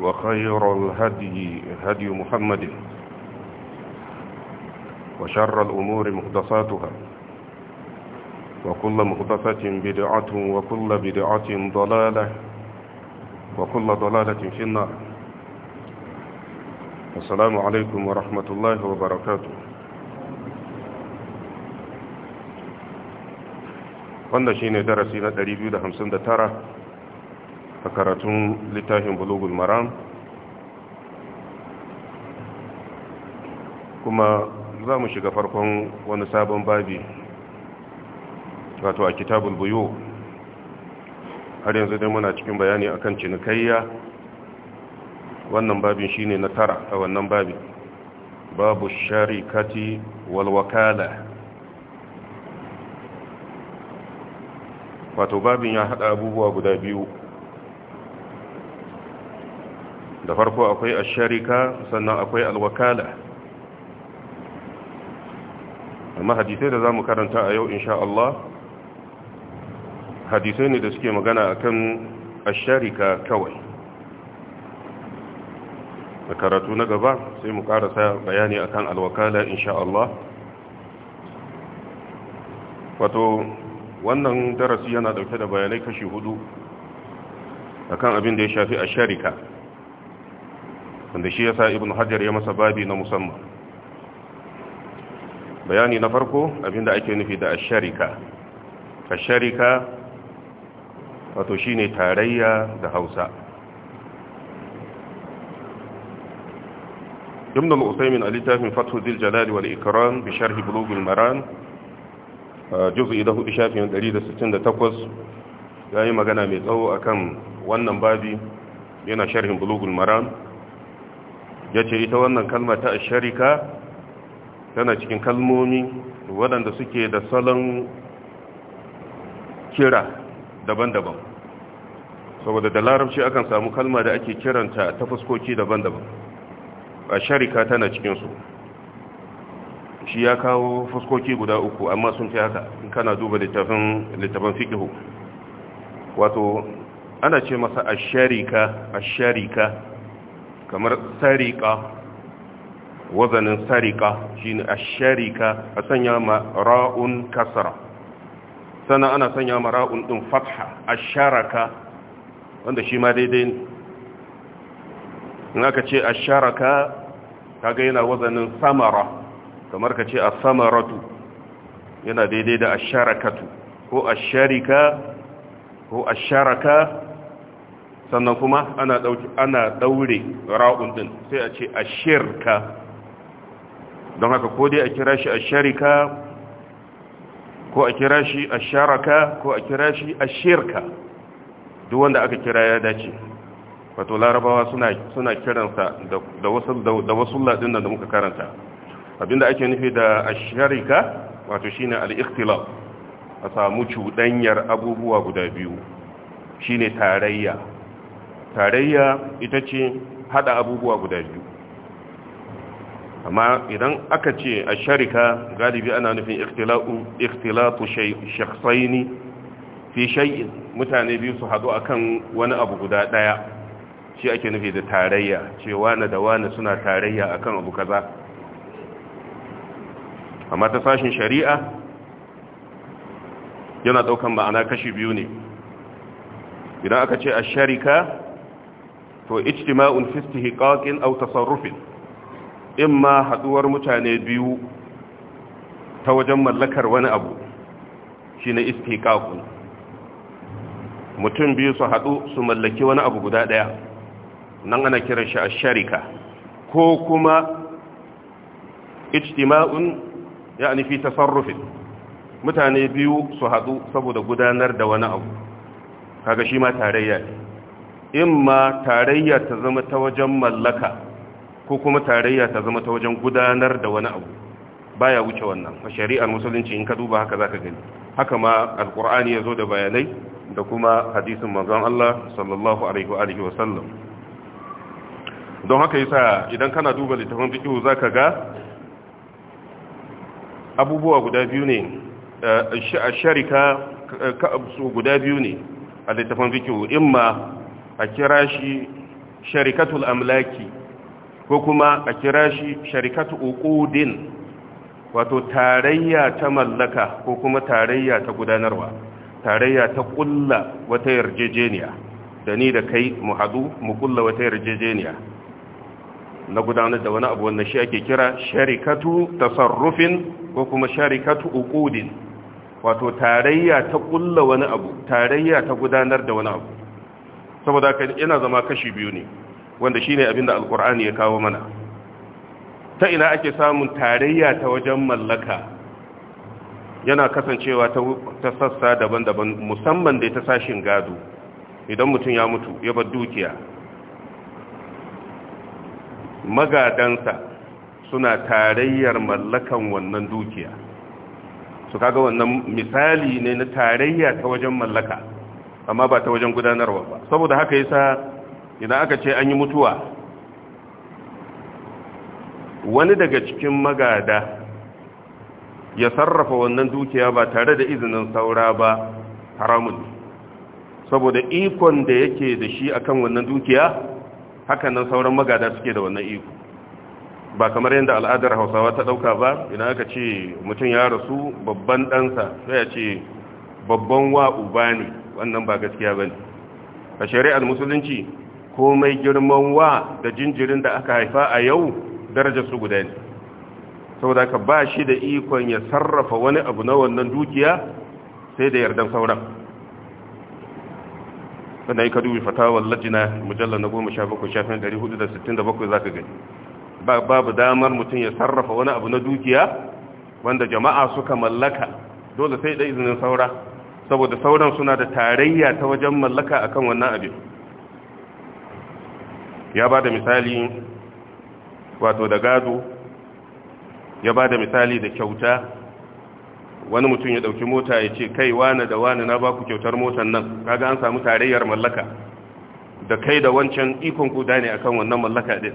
وخير الهدي هدي محمد وشر الأمور محدثاتها وكل محدثة بدعة وكل بدعة ضلالة وكل ضلالة في النار السلام عليكم ورحمة الله وبركاته درسينا دريبيو لهم سندة ترى a karatun littafin bulugul maram kuma za mu shiga farkon wani sabon babi wato a kitabul buyo har yanzu dai muna cikin bayani akan cinikayya wannan babin shine na tara a wannan babin babu sharikati wal wato babin ya hada abubuwa guda biyu da farko akwai asharika sannan akwai alwakala amma hadisai da za mu karanta a yau insha Allah hadisai ne da suke magana akan asharika kawai da karatu na gaba sai mu karasa bayani akan alwakala insha Allah wato wannan darasi yana dauke da bayanai kashi hudu akan abin da ya shafi asharika wanda shi ya yasa ibn hajar ya masa babi na musamman bayani na farko abinda ake nufi da asharika asharika wato shine tarayya da hausa ibn al-usaymin al-littafin fatu zil jalali wal ikiran bi sharh bulugh maran juz'i da hudu shafin 168 yi magana mai tsawo akan wannan babi yana sharhin bulugh maran ya ce ita wannan kalma ta sharika tana cikin kalmomi waɗanda suke da salon kira daban-daban saboda da larabci akan samu kalma da ake kiranta ta fuskoki daban-daban a sharika tana cikinsu shi ya kawo fuskoki guda uku amma sun fi haka in kana duba littafin fikihu wato ana ce masa a sharika a sharika kamar sarika wazanin sarika shi ne a sanya ma ra'un sana ana sanya ma ra'un din fatha sharaka wanda shi ma daidai ne in aka ce asharaka kaga yana wazanin samara kamar ka ce a samaratu yana daidai da a asharakatu ko a sharika ko a asharaka sannan kuma ana dauki ana daure ra'un din sai a ce ashirka don haka ko dai a kira shi asharika ko a kira shi asharaka ko a kira shi ashirka duk wanda aka kira ya dace wato larabawa suna suna kiransa da wasu da wasu ladin da muka karanta abinda ake nufi da asharika wato shine al-ikhtilaf a samu cuɗanyar abubuwa guda biyu shine tarayya tarayya ita ce hada abubuwa guda biyu amma idan aka ce a sharika galibi ana nufin ikhtilatu shakhsaini fi shay'in mutane biyu su hadu akan wani abu guda daya shi ake nufi da tarayya Cewa na da wani suna tarayya akan abu kaza amma ta sashin shari'a yana daukan ma'ana kashi biyu ne idan aka ce a sharika to ijtima'un fi istihqaqin aw tasarrufin imma haduwar mutane biyu ta wajen mallakar wani abu shine istihqaqun mutum biyu su hadu su mallaki wani abu guda daya nan ana kiran shi asharika sharika ko kuma ijtima'un yani fi tasarrufin mutane biyu su hadu saboda gudanar da wani abu kaga shi ma tarayya ne In ma tarayya ta zama ta wajen mallaka ko kuma tarayya ta zama ta wajen gudanar da wani abu baya wuce wannan a shari'ar musulunci in ka duba haka zaka gani haka ma alqur'ani yazo da bayanai da kuma hadisin manzon Allah sallallahu alaihi wa alihi wa sallam don haka yasa idan kana duba littafin fiqh zaka ga abubuwa guda biyu ne eh, a sharika guda biyu ne a littafin fiqh imma a kira shi sharikatul amlaki ko kuma a kira shi sharikatu uqudin wato tarayya ta mallaka ko kuma tarayya ta gudanarwa tarayya ta kulla wata yarjejeniya da ni da kai mu hadu mu kulla wata yarjejeniya na gudanar da wani abu wannan shi ake kira sharikatu tasarrufin ko kuma sharikatu uqudin wato tarayya ta kulla wani abu tarayya ta gudanar da wani abu saboda ka yana zama kashi biyu ne wanda shine abin da alkur'ani ya kawo mana ta ina ake samun tarayya ta wajen mallaka yana kasancewa ta sassa daban-daban musamman da ta sashin gado idan mutum ya mutu ya bar dukiya magadansa suna tarayyar mallakan wannan dukiya su kaga wannan misali ne na tarayya ta wajen mallaka amma ba ta wajen gudanarwa ba saboda haka yasa idan aka ce an yi mutuwa wani daga cikin magada ya sarrafa wannan dukiya ba tare da izinin saura ba haramun saboda ikon da yake da shi akan wannan dukiya hakanan sauran magada suke da wannan iko ba kamar yadda al'adar hausawa ta dauka ba idan aka ce mutum ya rasu babban ɗansa sai ya ce babban wa'u ba ne wannan ba gaskiya bane a shari'ar musulunci komai girman wa da jinjirin da aka haifa a yau darajar su guda ne saboda ka ba shi da ikon ya sarrafa wani abu na wannan dukiya sai da yardan sauran sannan yi kadubi fatawar lajina mujallar na goma sha bakwai shafin dari hudu da sittin da bakwai za ka gani babu damar mutum ya sarrafa wani abu na dukiya wanda jama'a suka mallaka dole sai da izinin saura saboda sauran suna da tarayya ta wajen mallaka akan wannan abin ya ba da misali wato da gado ya ba da misali da kyauta wani mutum ya dauki mota ya ce kai wani da wani na baku kyautar motar nan kaga an samu tarayyar mallaka da kai da wancan ikon guda ne akan wannan mallaka din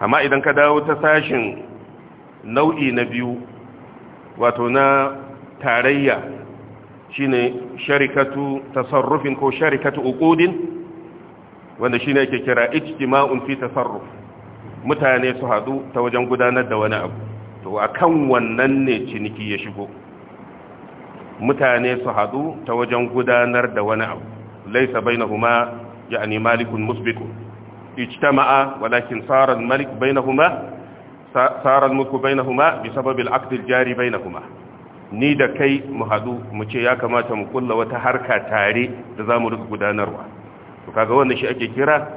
amma idan ka dawo ta sashin nau'i na biyu wato na tarayya shine sharikatu tasarrufin ko sharikatu uqudin wanda shine yake kira ijtima'un fi tasarruf mutane su hadu ta wajen gudanar da wani abu to akan wannan ne ciniki ya shigo mutane su hadu ta wajen gudanar da wani abu laysa bainahuma ya'ni malikun musbiqun ijtama'a walakin sara al-malik bainahuma sara al-mulku bainahuma bi sababi al-aqd al-jari bainahuma ni da kai mu haɗu mu ce ya kamata mu kulla wata harka tare da za mu rika gudanarwa to kaga wannan shi ake kira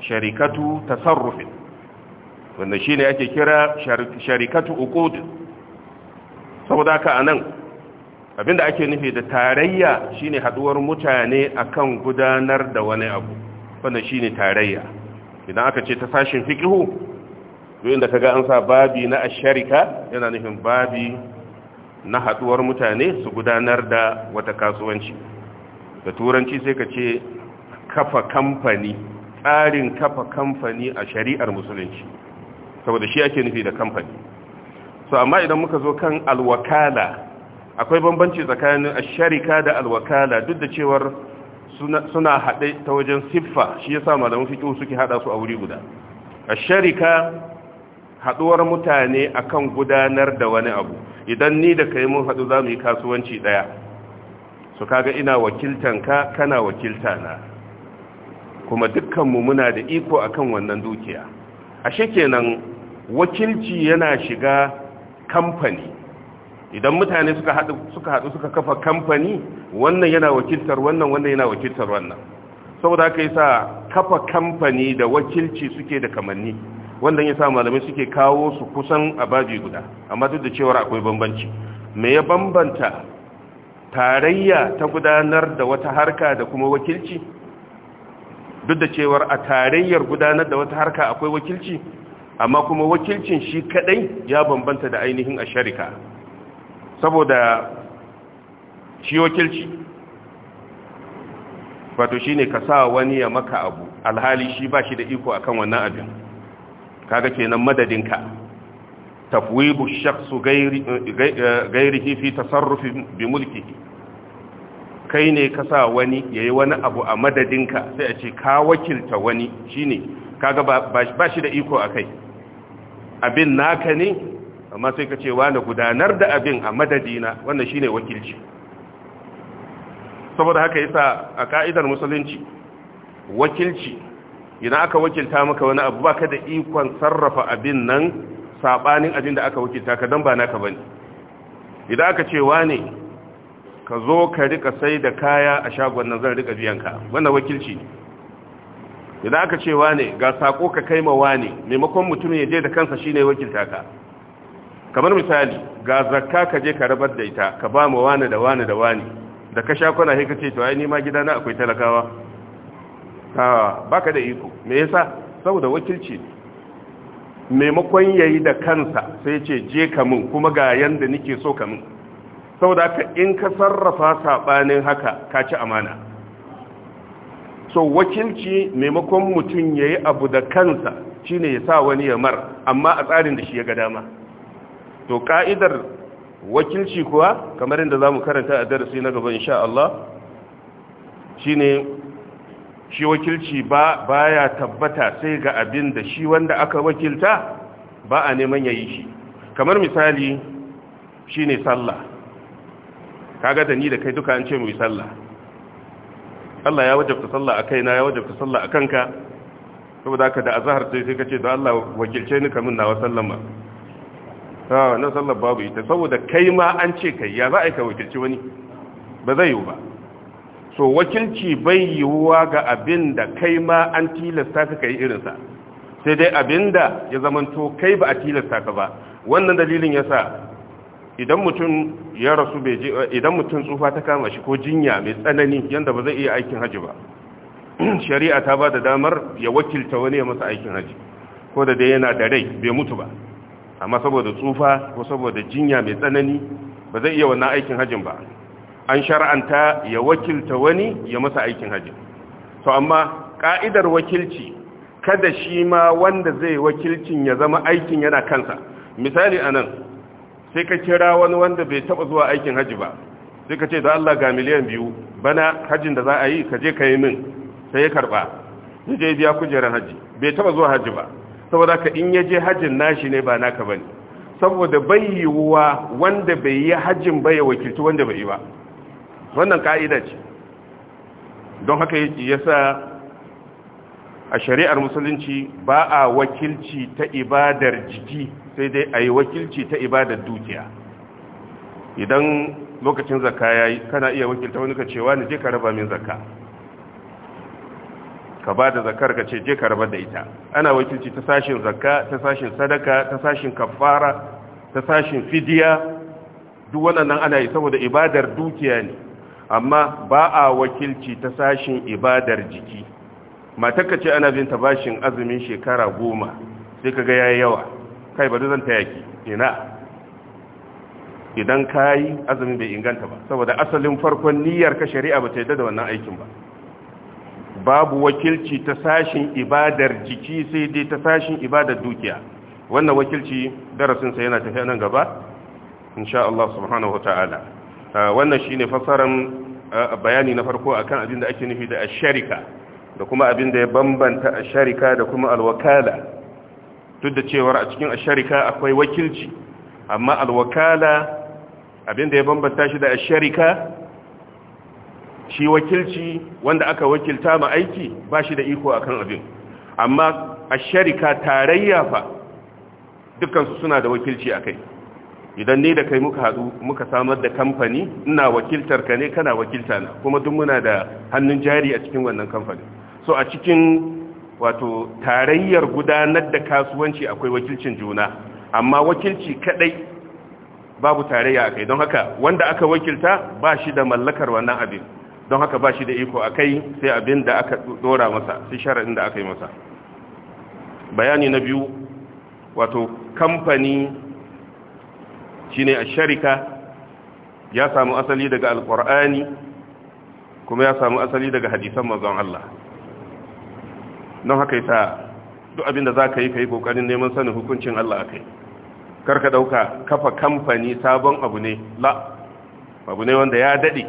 sharikatu tasarrufin wanda shi ne ake kira sharikatu uqud saboda haka anan abinda ake nufi da tarayya shine haɗuwar mutane akan gudanar da wani abu wannan shine tarayya idan aka ce ta sashin fiqhu to inda ga an sa babi na asharika yana nufin babi na haduwar mutane su gudanar da wata kasuwanci da turanci sai ka ce kafa kamfani tsarin kafa kamfani a shari'ar musulunci saboda shi ake nufi da kamfani so amma idan muka zo kan alwakala akwai bambanci tsakanin asharika da alwakala duk da cewar suna haɗe ta wajen siffa shi sa malamin fito suke haɗa su a wuri guda asharika haduwar mutane akan gudanar da wani abu idan ni da kai mun hadu zamu yi kasuwanci daya so kaga ina wakiltanka kana wakilta na. kuma dukkanmu muna da iko akan wannan dukiya ashe kenan wakilci yana shiga kamfani idan mutane suka haɗu suka hadu suka kafa kamfani wannan yana wakiltar wannan wannan yana wakiltar wannan saboda kai sa kafa kamfani da wakilci suke da kamanni wanda ya sa malamai suke kawo su kusan a baji guda amma duk da cewar akwai bambanci me ya bambanta tarayya ta gudanar da wata harka da kuma wakilci duk da cewar a tarayyar gudanar da wata harka akwai wakilci amma kuma wakilcin shi kadai ya bambanta da ainihin a sharika saboda shi wakilci wato shine ka sa wani ya maka abu alhali shi ba shi da iko akan wannan abin kaga kenan madadinka tafwibu shakhsu gairihi fi tasarrufi bi mulkihi kai ne ka sa wani yayi wani abu a madadinka sai a ce ka wakilta wani shine kaga ba shi da iko akai abin naka ne amma sai ka ce wani gudanar da abin a madadina wannan shine wakilci saboda haka yasa a ka'idar musulunci wakilci idan aka wakilta maka wani abu baka da ikon sarrafa abin nan sabanin abin da aka wakilta ka dan ba naka bane idan aka ce wane ka zo ka rika sai da kaya a shagon nan zan rika biyan ka wannan wakilci idan aka ce wane ga sako ka kai ma wane maimakon mutum ya je da kansa shine wakilta ka kamar misali ga zakka ka je ka rabar da ita ka ba ma wane da wane da wane da ka sha kwana sai ka ce to ai ni ma gidana akwai talakawa baka da iko me yasa saboda wakilci maimakon yayi da kansa sai ce je ka mun kuma ga yanda nake so ka mun saboda haka in ka sarrafa sabanin haka ka ci amana so wakilci maimakon mutum yayi abu da kansa shine yasa wani ya mar amma a tsarin da shi ya ga dama to ka'idar wakilci kuwa kamar inda zamu karanta a darasi na gaba insha Allah shine shi wakilci ba baya tabbata sai ga abin da shi wanda aka wakilta ba a neman yayi shi kamar misali shine sallah kaga da ni da kai duka an ce mu yi sallah Allah ya wajabta sallah a kaina ya wajabta sallah a kanka saboda haka da azhar sai sai kace da Allah wakilce ni kamin nawa sallama ah na Sallah babu ita saboda kai ma an ce kai ya za a yi ka wakilci wani ba zai yi ba to wakilci bai yiwuwa ga abin da kai ma an tilasta ka kai irinsa sai dai abin da ya zamanto kai ba a tilasta ka ba wannan dalilin yasa idan mutum ya rasu bai je idan mutum tsufa ta kama shi ko jinya mai tsanani yadda ba zai iya aikin haji ba shari'a ta ba da damar ya wakilta wani ya masa aikin haji ko da dai yana da rai bai mutu ba amma saboda tsufa ko saboda jinya mai tsanani ba zai iya wannan aikin hajin ba an shar'anta ya wakilta wani ya masa aikin haji to amma ka'idar wakilci kada shi ma wanda zai wakilcin ya zama aikin yana kansa misali anan sai ka kira wani wanda bai taba zuwa aikin haji ba sai ka ce da Allah ga miliyan biyu bana hajin da za a yi ka je ka yi min sai ya karba ya je biya kujerar haji bai taba zuwa haji ba saboda ka in ya je hajin nashi ne ba naka bane saboda bai yiwuwa wanda bai yi hajin ba ya wakilci wanda bai yi ba wannan ka'ida ce don haka ya sa a shari'ar musulunci ba a wakilci ta ibadar jiki sai dai a yi wakilci ta ibadar dukiya idan lokacin zaka ya yi kana iya wakilta wani ka cewa ni je ka raba min zaka ka ba da zakar ka ce je ka raba da ita ana wakilci ta sashin zaka ta sashin sadaka ta sashin kafara ta sashin fidiya duk wannan ana yi saboda ibadar dukiya ne amma ba a wakilci ta sashin ibadar jiki matakka ce ana binta bashin azumin shekara goma sai ka ga yawa kai ba zan taya ki ina idan ka yi azumin bai inganta ba saboda asalin farkon niyyar ka shari'a ba ta yadda da wannan aikin ba babu wakilci ta sashin ibadar jiki sai dai ta sashin ibadar dukiya wannan wakilci darasinsa yana tafiya nan gaba insha Allah subhanahu wa ta'ala Ah, wannan shine fasaran ah, bayani na farko akan abin da ake nufi da asharika da kuma abin da ya bambanta asharika da kuma alwakala duk da cewar a cikin asharika akwai wakilci amma alwakala abin da ya bambanta shi da asharika shi wakilci wanda aka wakilta ma aiki ba shi da iko akan abin amma asharika tarayya fa dukansu suna da wakilci a kai. idan ni da kai muka hadu muka samar da kamfani ina wakiltar ka ne kana wakilta na kuma duk muna da hannun jari a cikin wannan kamfani so a cikin wato tarayyar gudanar da kasuwanci akwai wakilcin juna amma wakilci kadai babu tarayya akai don haka wanda aka wakilta ba shi da mallakar wannan abin don haka ba shi da iko akai sai abin da aka dora masa sai sharaɗin da aka yi masa bayani na biyu wato kamfani shine asharika ya samu asali daga alqur'ani kuma ya samu asali daga hadisan mazan Allah don haka ta duk abin da ka yi ka yi ƙoƙarin neman sanin hukuncin Allah akai karka ɗauka kafa kamfani sabon abu ne la abu ne wanda ya daɗe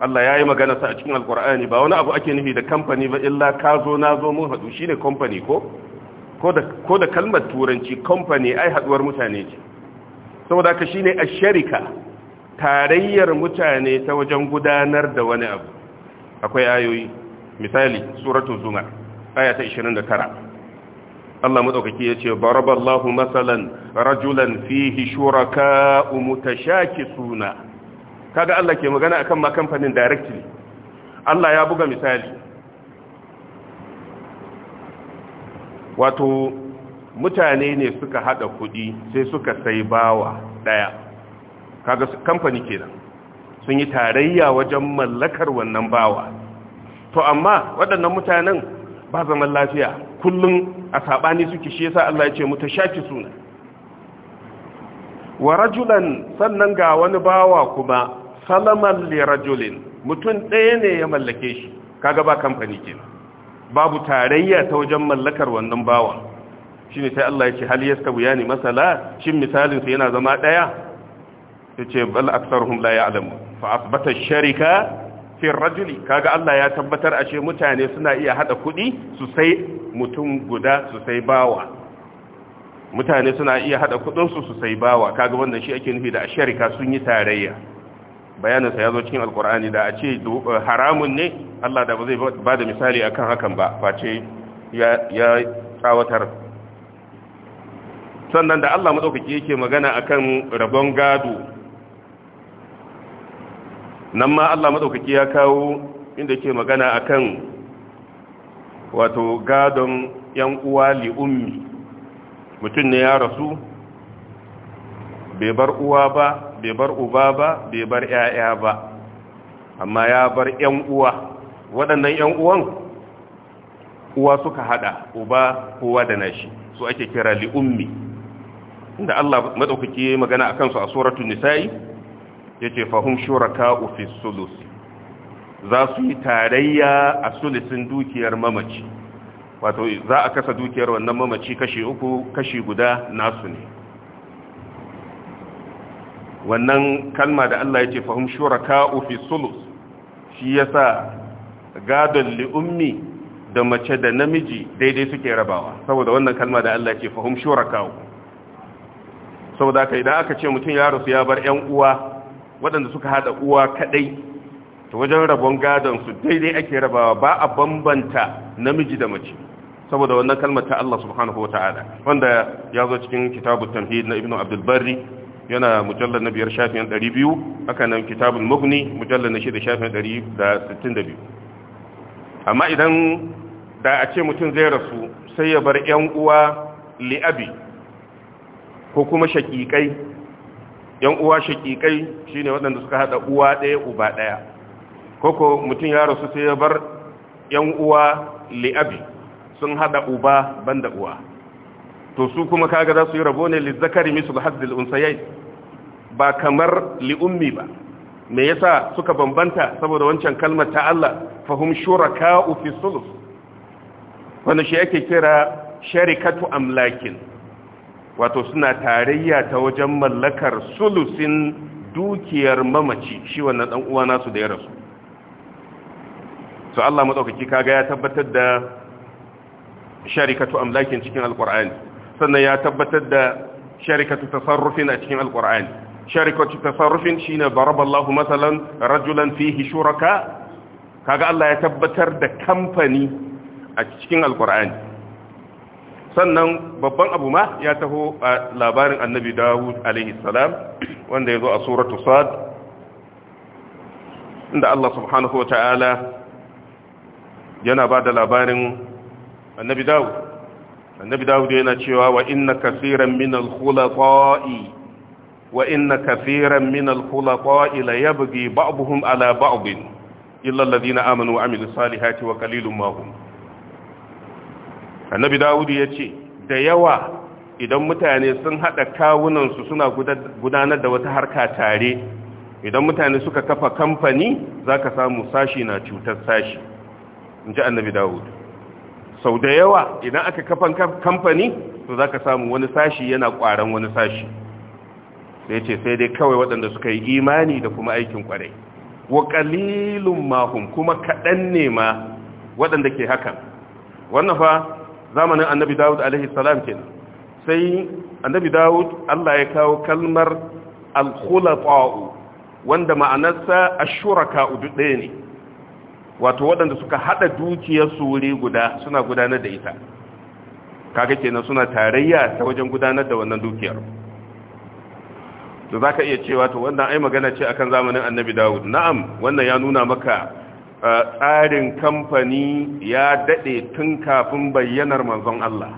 Allah ya yi magana sa a cikin alkur'ani ba wani abu ake nufi da kamfani ba illa ka zo na zo mun haɗu shi ne kamfani ko ko da kalmar turanci kamfani ai haɗuwar mutane ce saboda ka shine asharika tarayyar mutane ta wajen gudanar da wani abu akwai ayoyi misali suratul zumar aya ta 29 Allah madaukaki yace baraballahu masalan rajulan fihi suna. mutashakisuna kaga Allah ke magana akan ma kamfanin directly Allah ya buga misali wato mutane ne suka hada kudi sai suka sai bawa daya kaga kamfani kenan sun yi tarayya wajen mallakar wannan bawa to amma waɗannan mutanen ba zaman lafiya kullum a sabani suke shi yasa Allah ya ce mutashaki suna wa rajulan sannan ga wani bawa kuma salaman li rajulin mutum ɗaya ne ya mallake shi kaga ba kamfani kenan babu tarayya ta wajen mallakar wannan bawan ne sai Allah ya ce hal yastawiyani masala shin misalin su yana zama ɗaya? Ya ce bal aktsaruhum la ya'lamu fa asbata sharika fi rajuli kaga Allah ya tabbatar ashe mutane suna iya haɗa kuɗi su sai mutum guda su sai bawa mutane suna iya haɗa kuɗinsu su sai bawa kaga wannan shi ake nufi da a sharika sun yi tarayya Bayaninsa ya zo cikin alkur'ani da a ce eh, haramun ne Allah da ba zai ba da misali akan hakan ba face ya ya tsawatar sannan da Allah matsaukaki yake magana akan rabon gado nan ma Allah matsaukaki ya kawo inda yake magana akan wato gadon yan uwa li ummi mutum ne ya rasu bai bar uwa ba bai bar uba ba bai bar 'ya'ya ba amma ya bar 'yan uwa waɗannan 'yan uwan uwa suka hada uba kowa da nashi su ake kira li'ummi inda Allah madaukaki yayi magana akan su a suratul nisa'i yace fahum shuraka'u fi sulus za su yi tarayya a sulusin dukiyar mamaci wato za a kasa dukiyar wannan mamaci kashi uku kashi guda nasu ne wannan kalma da Allah yace fahum shuraka'u fi sulus shi yasa gadon li ummi da mace da namiji daidai suke rabawa saboda wannan kalma da Allah ce fahum shuraka'u saboda ka idan aka ce mutum ya rasu ya bar yan uwa waɗanda suka haɗa uwa kaɗai to wajen rabon gadon su daidai ake rabawa ba a bambanta namiji da mace saboda wannan kalmar ta Allah subhanahu wataala wanda ya zo cikin kitabun tamhid na ibnu abdul barri yana mujallar na biyar shafin ɗari biyu haka nan kitabun mugni mujallar na shida shafin ɗari da sittin da biyu amma idan da a ce mutum zai rasu sai ya bar ‘yan uwa li'abi ko kuma shakikai yan uwa shakikai shine waɗanda suka haɗa uwa ɗaya uba ɗaya koko mutum ya rasu sai ya bar yan uwa li'abi sun hada uba banda uwa to su kuma kaga za su yi rabo ne lizzakari da hazzil unsayai ba kamar li'ummi ba me yasa suka bambanta saboda wancan kalmar ta Allah fahum shuraka'u fi sulus wanda shi ake kira sharikatu amlakin wato suna tarayya ta wajen mallakar sulusin dukiyar mamaci shi wannan dan uwa nasu da ya rasu To Allah madaukaki kaga ya tabbatar da sharikatu amlakin cikin alqur'ani sannan ya tabbatar da sharikatu tasarrufin a cikin alqur'ani sharikatu tasarrufin shine baraballahu masalan rajulan fihi shuraka kaga Allah ya tabbatar da kamfani a cikin alqur'ani sannan babban abu ma ya taho a labarin annabi dawud alaihi salam wanda ya zo a suratu sad inda Allah subhanahu wa ta'ala yana ba da labarin annabi dawud annabi dawud yana cewa wa inna kasiran min al-khulaqa'i wa inna kasiran min al-khulaqa'i la yabghi ba'dhum ala ba'd illa alladhina amanu wa amilus salihati wa qalilun ma hum annabi dawudu ya ce da yawa idan mutane sun haɗa kawunansu suna gudanar da wata harka tare idan mutane suka kafa kamfani za ka samu sashi na cutar sashi in ji annabi dawudu sau da yawa idan aka kafa kamfani to za ka samu wani sashi yana ƙwaron wani sashi sai ce sai dai kawai waɗanda suka yi imani da kuma aikin ƙwarai wa ƙalilun mahum kuma kaɗan ne ma waɗanda ke hakan wannan fa zamanin annabi dawud alaihi salam kenan sai annabi dawud Allah ya kawo kalmar al wanda ma'anarsa ash-shuraka'u ɗaya ne wato waɗanda suka haɗa dukiyar su wuri guda suna gudanar da ita kaga kenan suna tarayya ta wajen gudanar da wannan dukiyar to ka iya cewa to wannan ai magana ce akan zamanin annabi dawud na'am wannan ya nuna maka tsarin kamfani ya daɗe tun kafin bayyanar manzon Allah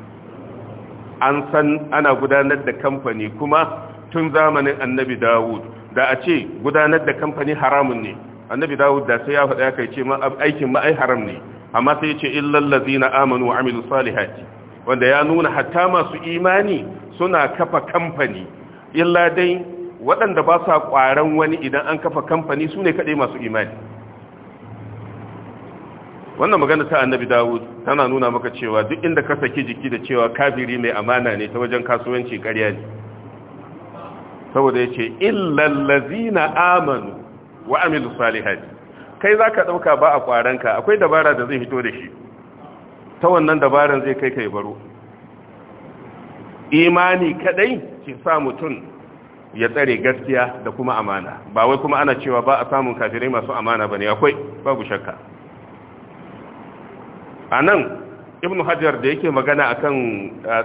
an san ana gudanar da kamfani kuma tun zamanin annabi dawud da a ce gudanar da kamfani haramun ne annabi dawud da sai ya faɗa ya kai ce aikin ma'ai haram ne amma sai ce illallazi na amanu wa amilu salihati wanda ya nuna hatta masu imani suna kafa kamfani illa dai waɗanda ba sa ƙwaron wani idan an kafa kamfani su ne kaɗai masu imani wannan magana ta annabi dawud tana nuna maka cewa duk inda ka saki jiki da cewa kafiri mai amana ne ta wajen kasuwanci karya ne saboda ya ce illallazina amanu wa amilu salihati kai za ka ɗauka ba a ƙwaranka akwai dabara da zai hito da shi ta wannan dabaran zai kai kai baro imani kaɗai ke sa mutum ya tsare gaskiya da kuma amana ba wai kuma ana cewa ba a samun kafirai masu amana ba ne akwai babu shakka a nan ibn hajar da yake magana a kan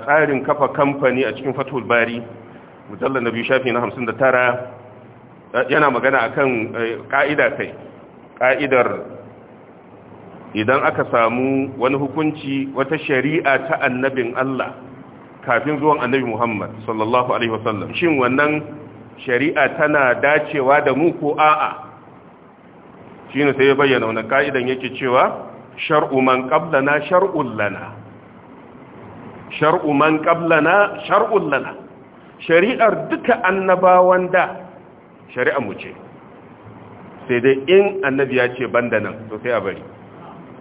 tsarin kafa kamfani a cikin fatul bari mujallar na biyu shafi na hamsin da tara yana magana a kan ka'ida eh, kai ka'idar idan aka samu wani hukunci wata shari'a ta annabin Allah kafin zuwan annabi Muhammad sallallahu alaihi wasallam shin wannan shari'a tana dacewa da mu ko a'a ne sai ya bayyana wannan ka'idan yake cewa shar'u man qablana shar'ul lana shar'u man qablana shar'ul lana shari'ar duka annabawan da shari'ar mu ce sai dai in annabi ya ce banda nan to sai a bari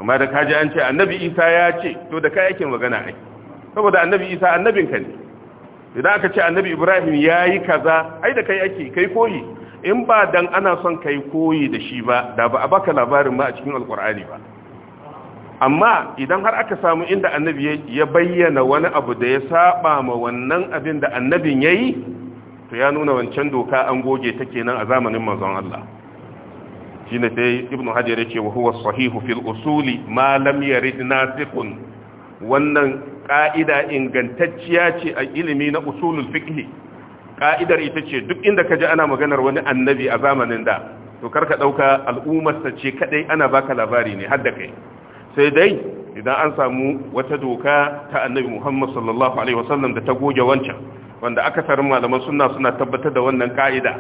amma da kaji an ce annabi isa ya ce to da kai yake magana ai saboda annabi isa annabinka ne idan aka ce annabi ibrahim ya yi kaza ai da kai ake kai koyi in ba dan ana son kai koyi da shi ba da ba a baka labarin ma a cikin alkur'ani ba amma idan har aka samu inda annabi ya bayyana wani abu da ya saba ma wannan abin da annabin ya yi to ya nuna wancan doka an goge ta kenan a zamanin manzon Allah shi ne sai ibn hajar ya ce wa huwa sahihu fil usuli ma lam yarid nasikhun wannan ka'ida ingantacciya ce a ilimi na usulul fiqh ka'idar ita ce duk inda je ana maganar wani annabi a zamanin da to karka dauka al'ummar ce kadai ana baka labari ne har da kai sai dai idan an samu wata doka ta annabi muhammad sallallahu alaihi wasallam da ta goge wancan wanda aka sarin malaman suna suna tabbatar da wannan ka'ida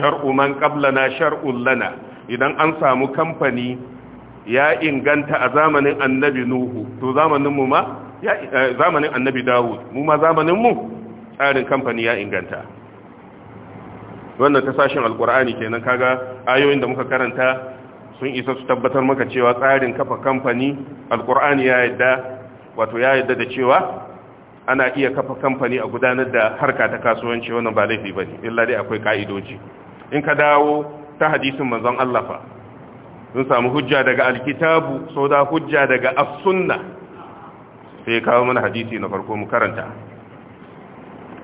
shar'u man qablana shar'un lana idan an samu kamfani ya inganta a zamanin annabi nuhu to zamanin mu ma ya eh, zamanin annabi dawud mu ma zamanin mu tsarin kamfani ya inganta wannan ta sashin alkur'ani kenan kaga ayoyin da muka karanta sun isa su tabbatar maka cewa tsarin kafa kamfani alkur'ani ya yadda wato ya yadda da cewa ana iya kafa kamfani a gudanar da harka ta kasuwanci wannan ba laifi ba ne illa dai akwai ka'idoji in ka dawo ta hadisin manzon Allah fa sun samu hujja daga alkitabu so da hujja daga as-sunna sai ya kawo mana hadisi na farko mu karanta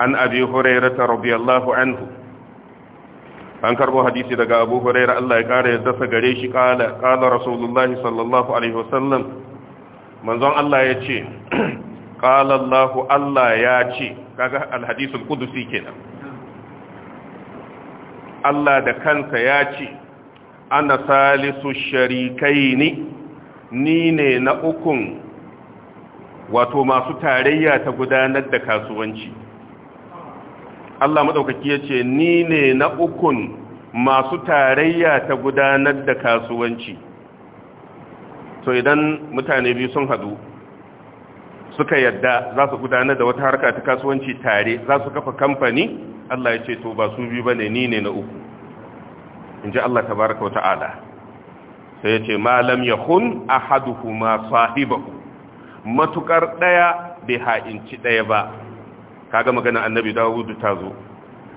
an abi hurairah radiyallahu anhu an karbo hadisi daga abu huraira Allah ya kara yadda sa gare shi kala kala sallallahu alaihi wasallam manzon Allah ya ce kala Allah Allah ya ce kaga alhadisul qudusi kenan Allah da kansa ya ce ana salisu sharikaini ni ne na ukun wato masu tarayya ta gudanar da kasuwanci Allah madaukaki ce ni ne na ukun masu tarayya ta gudanar da kasuwanci to idan mutane biyu sun hadu suka yadda za su gudanar da wata harka ta kasuwanci tare za su kafa kamfani Allah ya ce to ba su biyu bane ni ne na uku in ji Allah tabaraka wata'ala sai ya ce malam ya hun ahaduhuma sahibahu matukar daya bai ha'inci ɗaya ba kaga magana annabi dawudu ta zo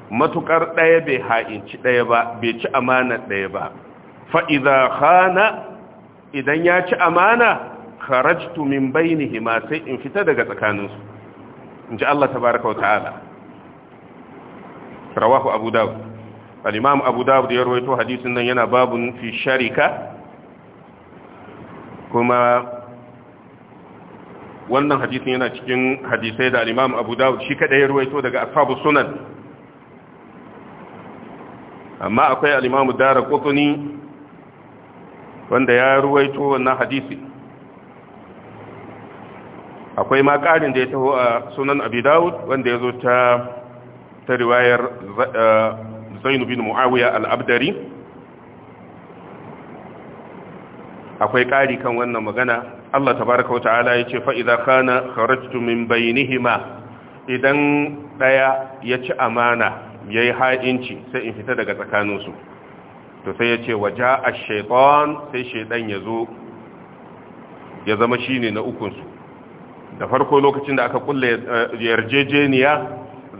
matukar ɗaya bai ha'inci ɗaya ba bai ci amana ɗaya ba fa'iza khana idan ya ci amana kharajtu min bainihi ma sai in fita daga tsakaninsu in ji Allah ta wa ta'ala rawahu abu dawud al abu dawud ya rawaito hadisin nan yana babun fi sharika kuma wannan hadisin yana cikin hadisai da alimam Abu Dawud shi kadai ya ruwaito daga ashabu sunan amma akwai al-Imam Daraqutni wanda ya ruwaito wannan hadisi akwai ma ƙarin da ya taho a sunan Abi Dawud wanda ya zo ta ta riwayar eh, zainubin bin Muawiya al akwai ƙari kan wannan magana Allah tabaraka wa ta'ala yace fa idza kana kharajtu min bainihima idan ɗaya ya ci amana yayi ha'inci sai in fita daga tsakaninsu to sai yace waja ash-shaytan sai shaydan yazo ya zama shine na ukun da farko lokacin da aka kulle eh, yarjejeniya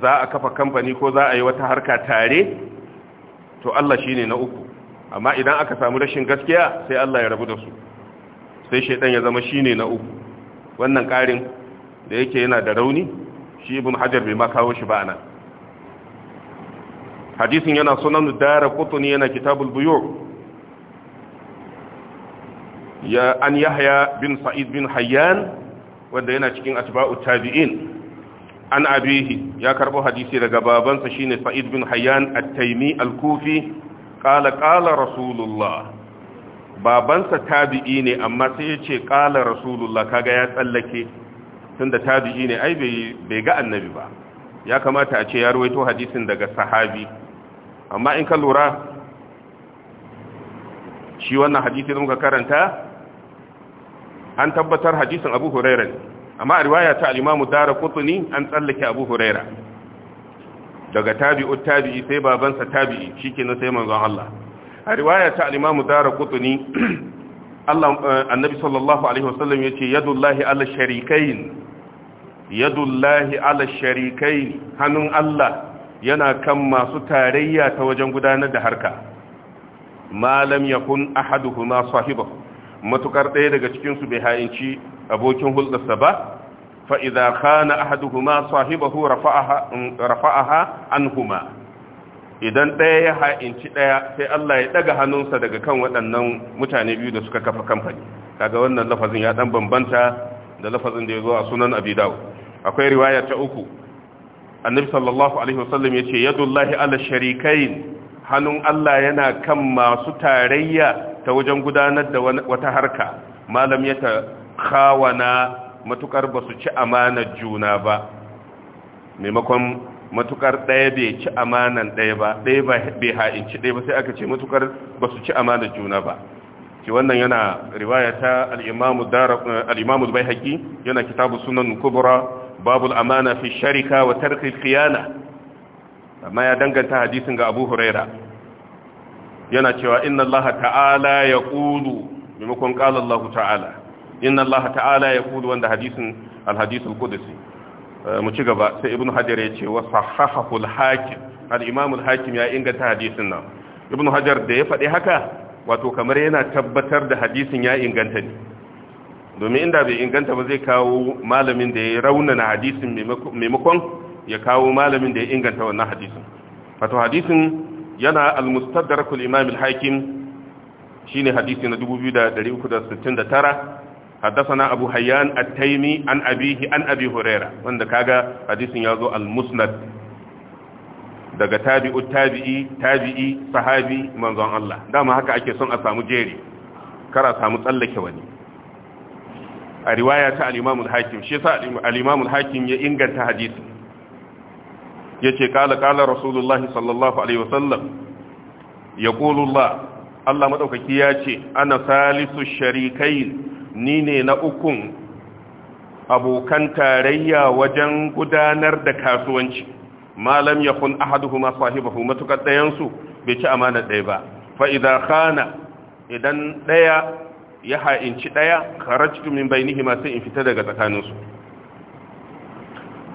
za a kafa kamfani ko za a yi wata harka tare to Allah shine na uku amma idan aka samu rashin gaskiya sai Allah ya rabu da su sai shaidan ya zama shine na uku wannan karin da yake yana da rauni shi ibn hajar bai ma kawo shi ba hadisin yana sunan dara qutni yana kitabul buyu ya an yahya bin sa'id bin hayyan wanda yana cikin atba'u tabi'in an abihi ya karbo hadisi daga babansa shine sa'id bin hayyan at-taymi al-kufi qala qala rasulullah babansa tabi'i ne amma sai ya ce ƙala rasulullah kaga ya tsallake tun da tabi'i ne ai bai ga annabi ba ya kamata a ce ya ruwaito hadisin daga sahabi amma in ka lura shi wannan hadisi da muka karanta an tabbatar hadisin abu huraira ne amma a riwaya ta alimamu dara kutuni an tsallake abu huraira daga tabi'ut tabi'i sai babansa tabi'i shi ke na sai manzon Allah a riwaya ta al dara daraqutni eh, annabi sallallahu alaihi wasallam yace yadullahi ala sharikain yadullahi ala sharikain hannun Allah yana kan masu tarayya ta wajen gudanar da harka malam yakun ahaduhuma sahibahu matukar ɗaya daga cikin su bai hayinci abokin hulɗarsa ba fa'iza kana khana ahaduhuma sahibahu rafa'aha mm, rafa'aha anhuma idan ɗaya ya ha'inci ɗaya sai Allah ya ɗaga hannunsa daga kan waɗannan mutane biyu da suka kafa kamfani kaga wannan lafazin ya ɗan bambanta da lafazin da ya zo a sunan abi akwai riwaya ta uku annabi sallallahu alaihi wasallam ya ce yadullahi ala sharikain hannun Allah yana kan masu tarayya ta wajen gudanar da wata harka malam ya ta khawana matukar ba su ci amanar juna ba maimakon matukar ɗaya bai ci amanan ɗaya ba ɗaya ba bai ha'inci ɗaya ba sai aka ce matukar ba su ci amanan juna ba ki wannan yana riwaya ta al'imamu bai yana kitabu sunan kubra babul amana fi sharika wa al khiyana amma ya danganta hadisin ga abu huraira yana cewa inna allaha ta'ala ya ƙulu maimakon allah ta'ala inna allaha ta'ala ya wanda hadisin al-qudsi Eh, mu ci gaba sai ibnu hajar ya ce wa sahahahu hakim al-imam al-hakim ya inganta hadisin nan ibnu hajar da ya faɗi haka wato kamar yana tabbatar da hadisin ya inganta ne domin inda bai inganta ba zai kawo malamin da ya raunana hadisin maimakon ya kawo malamin da ya inganta wannan hadisin wato hadisin yana al-mustadrakul imam al-hakim shine hadisi na 2369 حدثنا na حيان التيمي عن أبيه عن أبي هريرة وعند ya zo يازو المسند daga tabi'u tabi'i tabi'i sahabi manzon Allah dama haka ake son a samu jeri kara samu tsallake wani a riwaya ta al hakim shi yasa al-Imam hakim ya inganta hadisi yace kala kala Rasulullahi sallallahu alaihi wasallam yaqulu Allah Allah madaukaki yace ana salisu sharikain ni ne na ukun abokan tarayya wajen gudanar da kasuwanci malam ya kun ahaduhuma sahibahu matukar ɗayansu bai ci amana ɗaya ba fa'iza khana idan ɗaya ya ha'inci ɗaya kharajtu min bainihima sai in fita daga tsakaninsu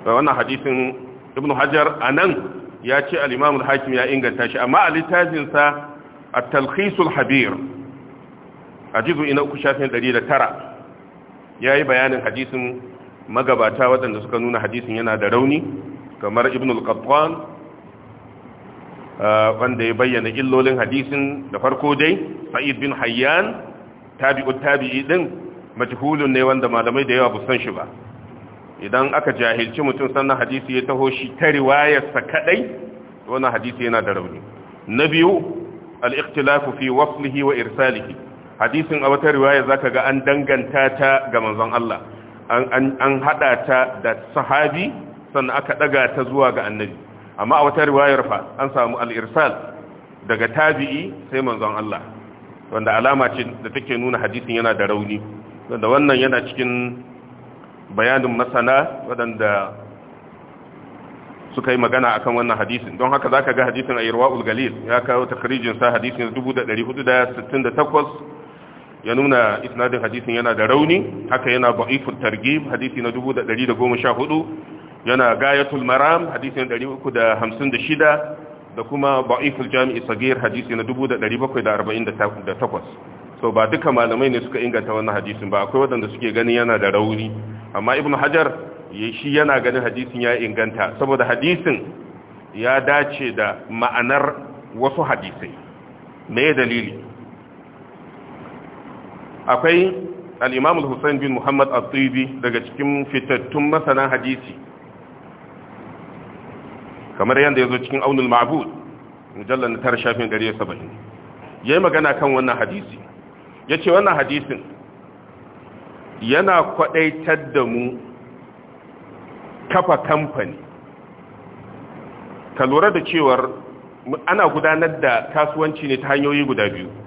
ba wannan hadisin ibn hajar a nan ya ce al'imamun hakim ya inganta shi amma a littafinsa a talkhisul habir a jizu ina uku shafin ɗari da tara ya yi bayanin hadisin magabata waɗanda suka nuna hadisin yana da rauni kamar ibn al-qattan uh, wanda ya bayyana illolin hadisin da farko dai sa'id bin hayyan tabi'ut tabi'i din majhulun ne wanda malamai da yawa ba san shi ba idan aka jahilci mutum sannan hadisi ya taho shi ta riwayarsa kadai wannan hadisi yana da rauni na biyu al-ikhtilafu fi waslihi wa irsalihi hadisin a wata riwaya zaka ga an danganta ta ga manzon Allah an hada ta da sahabi sannan aka daga ta zuwa ga annabi amma a wata riwayar fa an samu al-irsal daga tabi'i sai manzon Allah wanda alama ce da take nuna hadisin yana da rauni wanda wannan yana cikin bayanin masana waɗanda suka yi magana akan wannan hadisin don haka zaka ga hadisin a irwaul galil ya kawo takrijin sa hadisin 1468 ya nuna isnadin hadisin yana da rauni haka yana ba'iful targhib hadisi na 1114 yana gayatul maram hadisi na 356 da kuma ba'iful jami'i sagir hadisi na 1748 so ba duka malamai ne suka inganta wannan hadisin ba akwai wadanda suke ganin yana da rauni amma ibnu hajar shi yana ganin hadisin ya inganta saboda hadisin ya dace da ma'anar wasu hadisai me dalili akwai al al-husayn bin muhammad al tibi daga cikin fitattun masana hadisi kamar yadda ya zo cikin aunul ma'bud mujallar na tara shafin 170 ya yi magana kan wannan hadisi ya ce wannan hadisin yana kwadaitar da mu kafa kamfani ka lura da cewar ana gudanar da kasuwanci ne ta hanyoyi guda biyu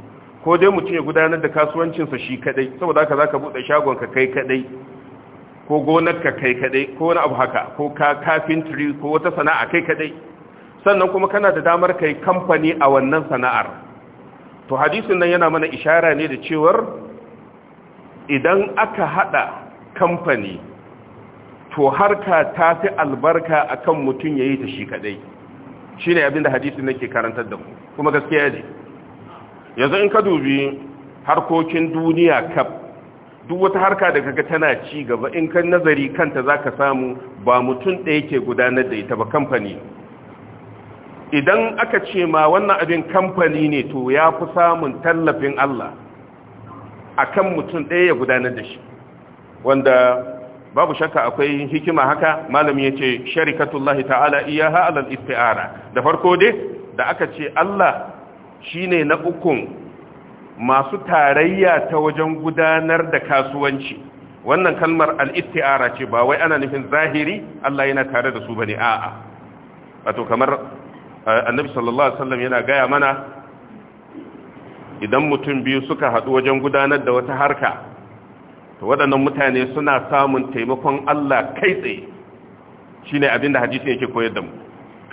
ko dai mutum ya gudanar da kasuwancinsa shi kadai saboda haka zaka bude shagon ka kai kadai ko gonar ka kai kadai ko wani abu haka ko ka carpentry ko wata sana'a kai kadai sannan kuma kana da damar kai kamfani a wannan sana'ar to hadisin nan yana mana ishara ne da cewar idan aka hada kamfani to harka ta fi albarka akan mutum yayi ta shi kadai shine abinda hadisin nake karantar da mu kuma gaskiya ne yanzu in ka dubi harkokin duniya kaf duk wata harka da kaga tana ci gaba in ka nazari kanta zaka samu ba mutum ɗaya ke gudanar da ita ba kamfani idan aka ce ma wannan abin kamfani ne to ya fi samun tallafin Allah akan mutum ɗaya ya gudanar da shi wanda babu shakka akwai hikima haka malami yace sharikatullahi ta'ala iyaha alal isti'ara da farko dai da aka ce Allah shine na ukun masu tarayya ta wajen gudanar da kasuwanci wannan kalmar al-isti'ara ce ba wai ana nufin zahiri Allah yana tare da su bane a'a wato kamar eh, annabi sallallahu alaihi wasallam yana gaya mana idan mutum biyu suka haɗu wajen gudanar da wata harka to waɗannan mutane suna samun taimakon Allah kai tsaye shine abinda hadisi yake koyar da mu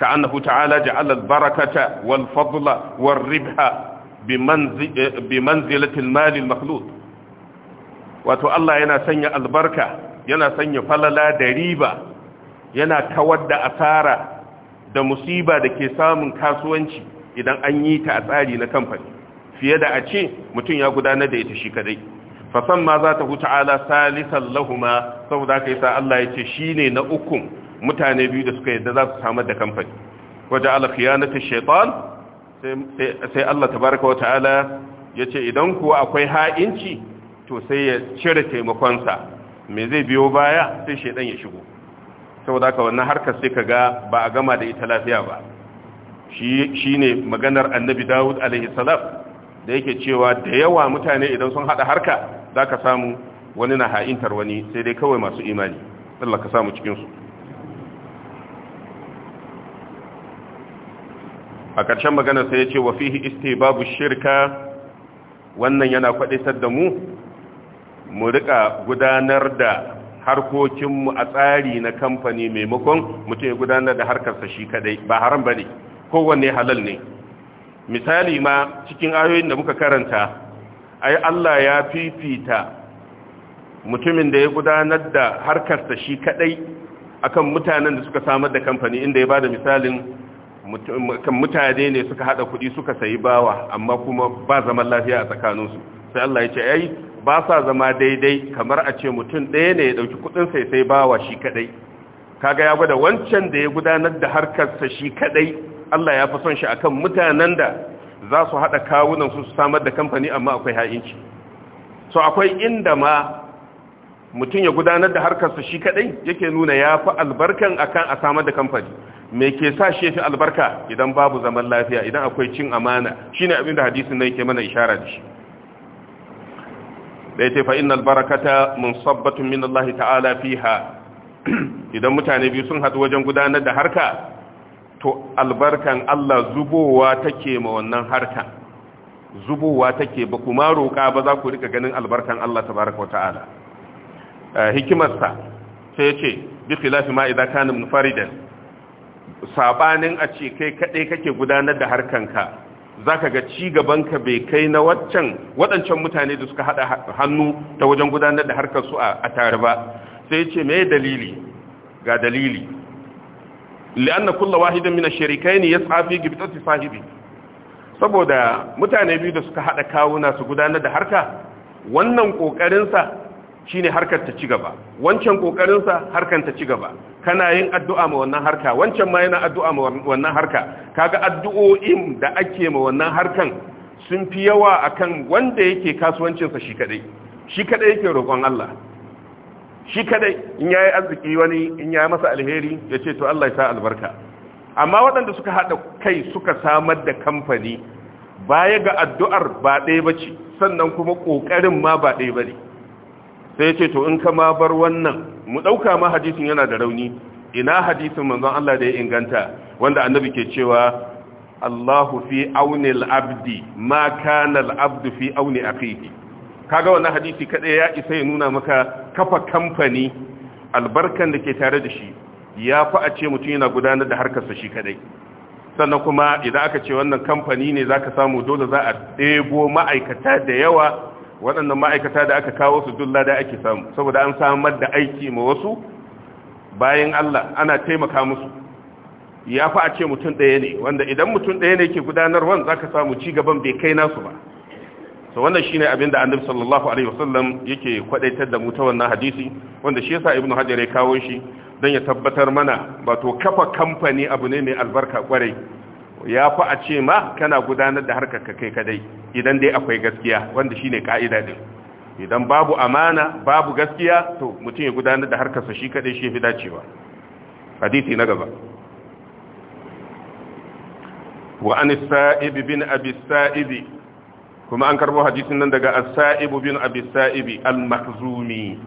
كأنه تعالى جعل البركة والفضل والربح بمنزلة المال المخلوط wato Allah yana sanya albarka yana sanya falala da riba yana kawar da asara da musiba da ke samun kasuwanci idan an yi ta a tsari na kamfani fiye da a ce mutum ya gudanar da ita shi kadai fasan ma za ta huta ala salisan lahuma saboda ka yi sa Allah ya ce shi ne na ukun mutane biyu da suka yadda za su samar da kamfani waje ala khiyanata shaitan sai Allah tabaraka wa ta'ala ya ce idan kuwa akwai ha'inci to sai ya cire taimakonsa me zai biyo baya sai shaitan ya shigo saboda haka wannan harkar sai ga ba a gama da ita lafiya ba shi ne maganar annabi dawud alaihi salam da yake cewa da yawa mutane idan sun hada harka za ka samu wani na ha'intar wani sai dai kawai masu imani Allah ka samu cikinsu a ƙarshen magana sai ya ce wa fihi babu shirka wannan yana kwadaitar da mu mu rika gudanar da harkokinmu a tsari na kamfani maimakon mutum ya gudanar da harkarsa shi kadai ba haram ba ne kowanne halal ne misali ma cikin ayoyin da muka karanta ai Allah ya fifita mutumin da ya gudanar da harkarsa shi kadai akan mutanen da suka samar da kamfani inda ya bada misalin mutane ne suka hada kuɗi suka sayi bawa amma kuma ba zaman lafiya a tsakaninsu sai Allah ya ce ai ba sa zama daidai kamar a ce mutum ɗaya ne ya ɗauki kudin sai sai bawa shi kaɗai kaga ya gwada wancan da ya gudanar da harkarsa shi kaɗai Allah ya fi son shi akan mutanen da za su haɗa kawunan su samar da kamfani amma akwai ha'inci so akwai inda ma mutum ya gudanar da harkarsa shi kaɗai yake nuna ya fi albarkan akan a samar da kamfani me ke sa shi albarka idan babu zaman lafiya idan akwai cin amana shi ne abin da hadisun nan ke mana ishara da shi da yace fa innal barakata sabbatun min Allah ta'ala fiha idan mutane biyu sun haɗu wajen gudanar da harka to albarkan Allah zubowa take ma wannan harka zubowa take ba kuma roƙa ba za ku rika ganin albarkan Allah baraka wata'ala eh, hikimarsa sai ya ce bi filafi ma idan kana munfaridan sabanin a ce kai kaɗai kake gudanar da harkanka zaka ga ci gabanka bai kai na waccan waɗancan mutane da suka hada hannu ta wajen gudanar da harkar su a tare ba sai ce me dalili ga dalili li'anna kullu wahidan min ash-sharikayn yas'a fi gibtati sahibi saboda mutane biyu da suka haɗa kawuna su gudanar da harka wannan kokarin sa Shi ne harkar ta ci gaba wancan ƙoƙarinsa harkar ta ci gaba kana yin addu'a ma wannan harka wancan ma yana addu'a ma wannan harka kaga addu'o'in da ake ma wannan harkan sun fi yawa akan wanda yake kasuwancinsa shi kadai shi kadai yake roƙon Allah shi kadai in ya yi arziki wani in yi masa alheri ya ce to Allah ya sa albarka amma waɗanda suka haɗa kai suka samar da kamfani baya ga addu'ar ba ɗaya bace sannan kuma ƙoƙarin ma ba ɗaya sai ce to in ka ma bar wannan mu ɗauka ma hadisin yana da rauni ina hadisin manzon Allah da ya inganta wanda annabi ke cewa Allahu fi auni al-abdi ma kana al-abdu fi auni akhihi kaga wannan hadisi kada ya isa ya nuna maka kafa kamfani albarkan da ke tare da shi ya fa a ce mutum yana gudanar da sa shi kadai sannan kuma idan aka ce wannan kamfani ne zaka samu dole za a debo ma'aikata da yawa waɗannan ma'aikata da aka kawo su dulla da ake samu saboda an samar da aiki ma wasu bayan Allah ana taimaka musu ya fi a ce mutum ɗaya ne wanda idan mutum ɗaya ne ke gudanarwan za ka samu cigaban bai kai nasu ba so wannan shine abin da annabi sallallahu alaihi wasallam yake kwadaitar da mu ta wannan hadisi wanda shi yasa ibnu hajar ya kawo shi don ya tabbatar mana ba to kafa kamfani abu ne mai albarka kwarai ya fi a ce ma kana gudanar da harkar kai kadai idan dai akwai gaskiya wanda shine ka'ida din idan babu amana babu gaskiya to mutum ya gudanar da harkarsa shi kadai shi fi dacewa hadisi na gaba wa an sa'ib bin abi sa'ib kuma an karbo hadisin nan daga as-sa'ib bin abi sa'ib al-makhzumi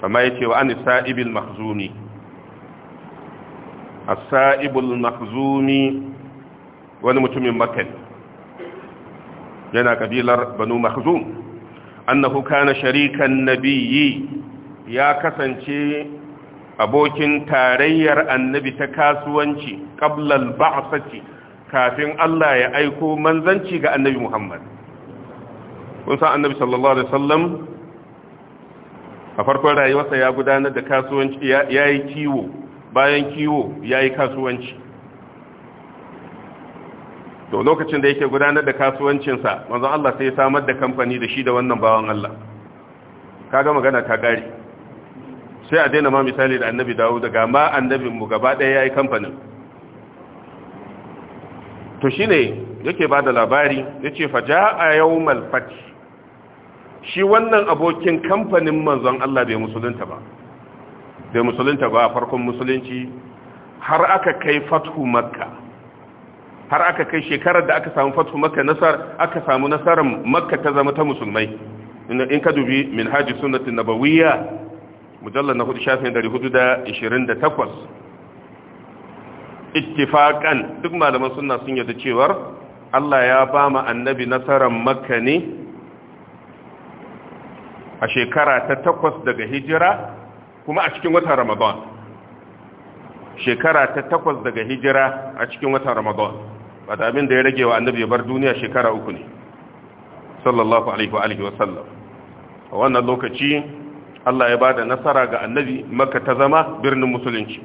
kama yake wa an sa'ib al-makhzumi as-sa'ib al-makhzumi wani mutumin makka yana kabilar banu mahzum annahu kana sharikan nabiyyi ya kasance abokin tarayyar annabi ta kasuwanci qablal ba'sati kafin Allah ya aiko manzanci ga annabi Muhammad kun san annabi sallallahu alaihi wasallam a farkon rayuwarsa ya gudanar da kasuwanci yayi kiwo bayan kiwo yayi kasuwanci to lokacin da yake gudanar da kasuwancinsa manzo Allah sai ya samar da kamfani da shi da wannan bawan Allah kaga magana ta gari sai a daina ma misali da annabi dawo ga ma mu gaba ɗaya yayi yi kamfanin to shi yake ba da labari yace ce faja a Fati, shi wannan abokin kamfanin manzon Allah bai musulunta ba bai musulunta ba a farkon musulunci har aka kai fathu makka har aka kai shekarar da aka samu fatu makka nasar aka samu nasarar makka ta zama ta musulmai in ka dubi min haji sunnatin nabawiyya mujallar na hudu shafin dari hudu da ishirin da takwas Ittifakan duk malaman suna sun yadda cewar allah ya ba ma annabi nasarar makka ne a shekara ta takwas daga hijira kuma a cikin watan ramadan shekara ta takwas daga hijira a cikin watan ramadan wata abin da ya rage wa annabi ya bar duniya shekara uku ne sallallahu alaihi wa alihi wasallam a wannan lokaci Allah ya bada nasara ga annabi makka ta zama birnin musulunci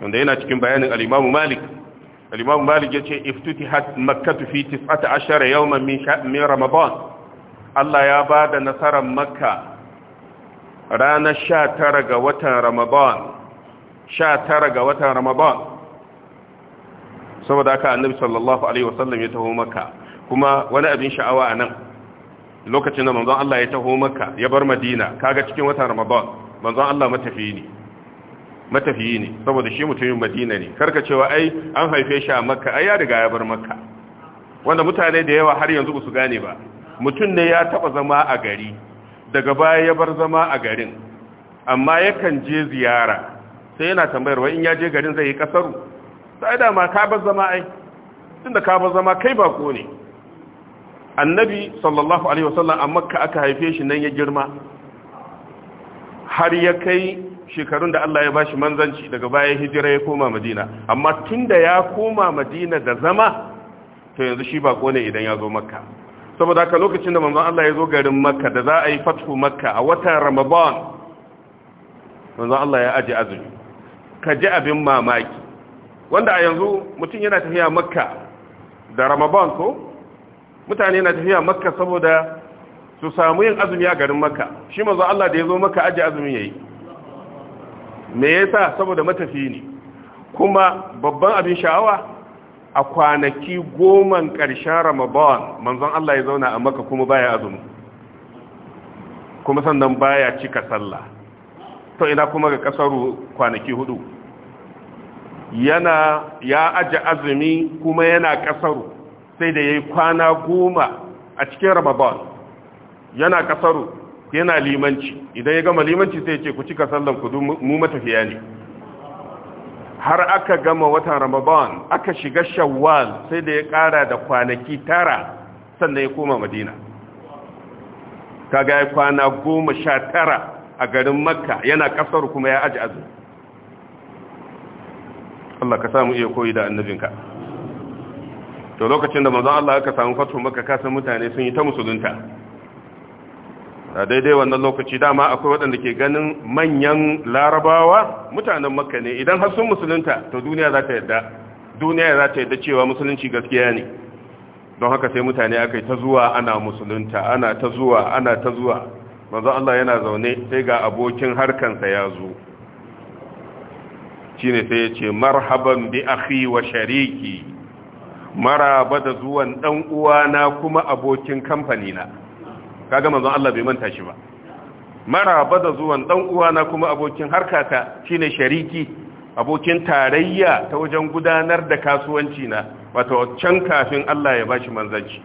wanda yana cikin bayanin al-Imam Malik al-Imam Malik yace iftutihat makkatu fi 19 yawman min min Ramadan Allah ya bada nasarar makka ranar 19 ga watan Ramadan 19 ga watan Ramadan saboda haka annabi sallallahu alaihi wasallam ya taho makka kuma wani abin sha'awa a nan lokacin da manzon Allah ya taho makka ya bar madina kaga cikin watan ramadan manzon Allah matafiyi ne matafiyi ne saboda shi mutumin madina ne karka cewa ai an haife shi a makka ai ya riga ya bar makka wanda mutane da yawa har yanzu ba su gane ba mutum ne ya taba zama a gari daga baya ya bar zama a garin amma yakan je ziyara sai yana tambayar wa in ya je garin zai yi kasaru sai da ma ka bar zama ai tunda ka bar zama kai ba ko ne annabi sallallahu alaihi wasallam a makka aka haife shi nan ya girma har ya kai shekarun da Allah ya bashi manzanci daga baya hijira ya koma madina amma tunda ya koma madina da zama to yanzu shi ko ne idan ya zo makka saboda haka lokacin da manzon Allah ya zo garin makka da za a yi fathu makka a watan ramadan manzon Allah ya aje azumi ka ji abin mamaki wanda a yanzu mutum yana tafiya makka da ramaban ko mutane na tafiya makka saboda su samu yin azumi a garin makka shi mazu Allah da ya zo makka aji azumi ya yi. me ya sa saboda matafi ne kuma babban abin sha'awa a kwanaki goman ƙarshen ramaban manzon Allah ya zauna a makka kuma baya azumi kuma sannan baya cika sallah to ina kuma ga kasaru kwanaki hudu yana ya aji azumi kuma yana kasaru sai da ya yi kwana goma a cikin ramadan yana kasaru yana limanci idan ya gama limanci sai ya ce ku cika sallan ku mu matafiya ne har aka gama watan ramadan aka shiga shawwal sai da ya kara da kwanaki tara sannan ya koma madina kaga ya kwana goma sha tara a garin makka yana kasaru kuma ya aji azumi Allah ka samu iya koyi da annabinka to lokacin da manzon Allah aka samu fatu maka kasan mutane sun yi ta musulunta a daidai wannan lokaci dama akwai waɗanda ke ganin manyan larabawa mutanen makka ne idan har sun musulunta to duniya za ta yadda duniya za ta yadda cewa musulunci gaskiya ne don haka sai mutane aka yi ta zuwa ana musulunta ana ta zuwa ana ta zuwa manzon Allah yana zaune sai ga abokin harkansa ya zo shine sai ya ce marhaban bi akhi wa shariki maraba da zuwan dan uwana kuma abokin kamfani na kaga manzon Allah bai manta shi ba maraba da zuwan dan uwana kuma abokin harkata shine shariki abokin tarayya ta wajen gudanar da kasuwanci na wato can kafin Allah ya bashi manzanci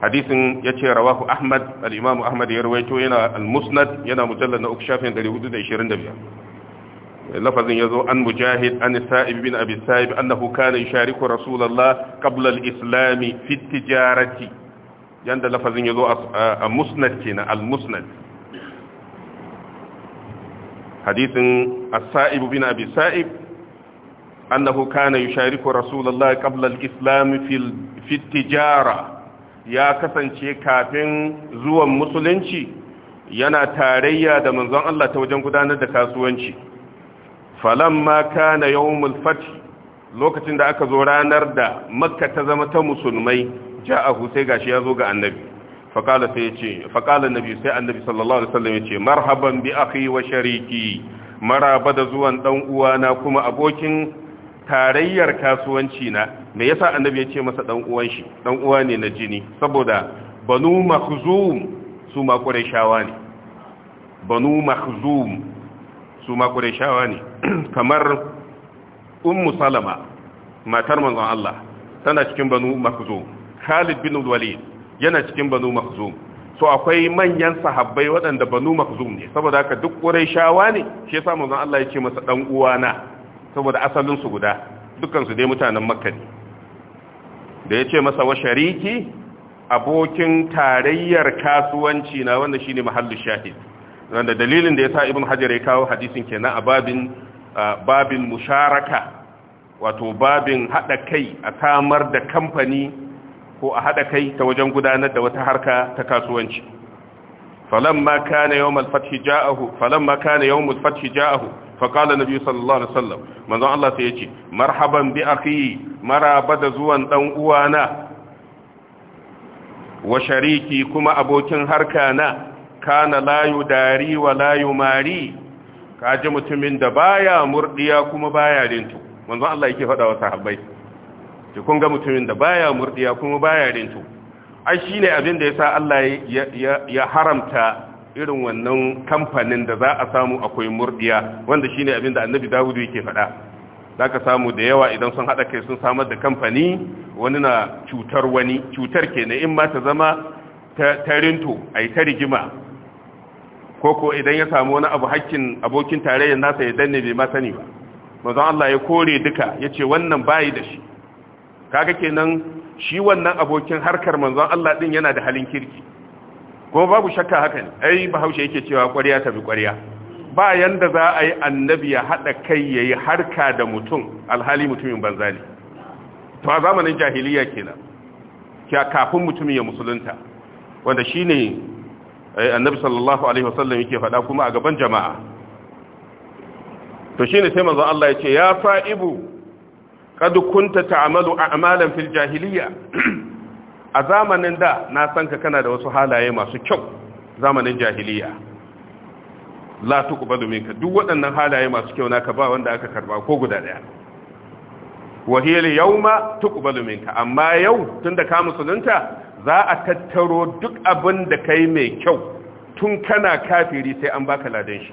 hadisin ya ce rawahu ahmad al-imamu ahmad ya rawaito yana al-musnad yana mujallad na uku shafin 425 lafazin ya zo an mujahid an sa'ib bin abi sa'ib annahu kana yushariku rasulullah qabla al-islam fi tijarati yanda lafazin ya zo a musnad kenan al-musnad hadisin as-sa'ib bin abi sa'ib annahu kana yushariku rasulullah qabla al-islam fi tijara ya kasance kafin zuwan musulunci yana tarayya da manzon Allah ta wajen gudanar da kasuwanci falamma kana yawmul fath lokacin da aka zo ranar da makka ta zama ta musulmai ja'ahu sai gashi ya zo ga annabi faqala sai yace faqala annabi sai annabi sallallahu alaihi wasallam yace marhaban bi akhi wa shariki maraba da zuwan dan uwana kuma abokin tarayyar kasuwanci na me yasa annabi ya ce masa dan uwan shi dan uwa ne na jini saboda banu makhzum su ma qurayshawa ne banu makhzum su ma shawa ne kamar ummu salama matar manzon Allah tana cikin banu makhzum Khalid bin Walid yana cikin banu makhzum so akwai manyan sahabbai waɗanda banu makhzum ne saboda haka duk qurayshawa ne shi yasa manzon Allah ya ce masa dan uwana saboda asalin su guda dukkan su dai mutanen Makka ne da ya ce masa wa shariki abokin tarayyar kasuwanci na wanda shine mahallu shahid wanda dalilin da ya sa ibn hajar ya kawo hadisin kenan a babin babin musharaka wato babin haɗa kai a samar da kamfani ko a haɗa kai ta wajen gudanar da wata harka ta kasuwanci falamma kana yawm al-fath ja'ahu falamma kana yawm al-fath ja'ahu fa qala nabi sallallahu alaihi wasallam manzon Allah sai ce, marhaban bi akhi maraba da zuwan dan uwana wa shariki kuma abokin harka na kana layu dari wa layu mari Ka ji mutumin da baya murdiya kuma baya rintu manzo Allah yake faɗa wa sahabbai ki kun ga mutumin da baya murdiya kuma baya rintu ai shine abin da yasa Allah ya haramta irin wannan kamfanin da za a samu akwai murdiya wanda shine abin da Annabi Dawud yake faɗa zaka samu da yawa idan sun hada kai sun samar da kamfani wani na cutar wani cutar kenan in ma ta zama ta rinto ai ta rigima ko ko idan ya samu wani abu hakkin abokin tarayyar nasa ya danne bai ma sani ba manzon Allah ya kore duka yace wannan bayi da shi kaga kenan shi wannan abokin harkar manzon Allah din yana da halin kirki ko babu shakka haka ne ai bahaushe yake cewa kwarya ta bi ƙwarya ba yanda za a yi annabi ya haɗa kai ya yi harka da mutum alhali mutumin banza ne to a zamanin jahiliya kenan kafin mutumin ya musulunta wanda shine Eh, annabi sallallahu alaihi wasallam yake faɗa kuma a gaban jama'a to shine sai manzo Allah ya ce ya fa'ibu kad kunta ta'malu a'malan fil jahiliya a zamanin da na san ka kana da wasu halaye masu kyau zamanin jahiliya la tuqbalu minka duk waɗannan halaye masu kyau naka ba wanda aka karba ko guda daya hiya yau ma tuqbalu minka amma yau tunda ka musulunta za a tattaro duk abin da ka mai kyau tun kana kafiri sai an baka ladan shi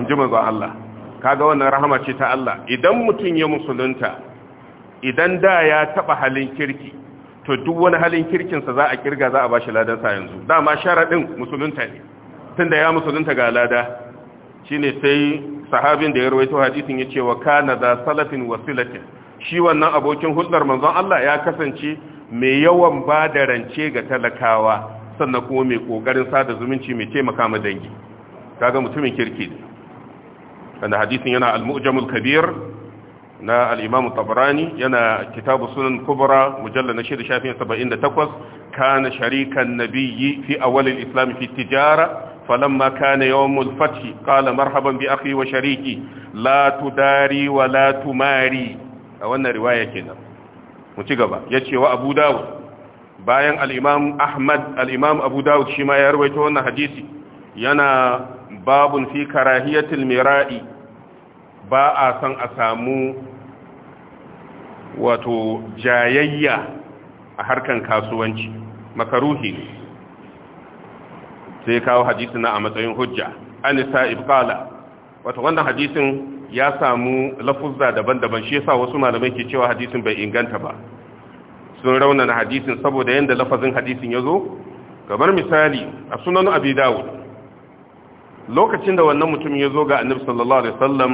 in ji manzon Allah kaga wannan rahama ce ta Allah idan mutum ya musulunta idan da ya taba halin kirki to duk wani halin kirkinsa za a kirga za a bashi ladan sa yanzu dama sharadin musulunta ne tunda ya musulunta ga lada shine sai sahabin da ya rawaito hadisin ya ce wa kana da salafin wasilatin shi wannan abokin hulɗar manzon Allah ya kasance mai yawan ba da rance ga talakawa sannan kuma mai kokarin sada zumunci mai taimaka ma dangi kaga mutumin kirki ne wanda hadisin yana al-mu'jamul kabir na al-imam tabrani yana kitabu sunan kubra mujallal na shida shafin 78 kana sharikan nabiyyi fi awwal al-islam fi tijara فلما كان يوم الفتح قال wa بأخي وشريكي لا تداري ولا تماري أو أن رواية كده mu ci gaba ya ce wa abu dawud bayan al'imam ahmad al'imam abu dawud shi ma ya rubaita wannan hadisi yana babun fi karahiyatul mira'i ba a san a samu wato jayayya a harkan kasuwanci makaruhi sai kawo hadisi na a matsayin hujja an sa'ib qala wato wannan hadisin ya samu lafuzza daban-daban shi yasa wasu malamai ke cewa hadisin bai inganta ba sun raunana hadisin saboda yanda lafazin hadisin ya zo kamar misali a sunan abi dawud lokacin da wannan mutum ya zo ga annabi sallallahu alaihi wasallam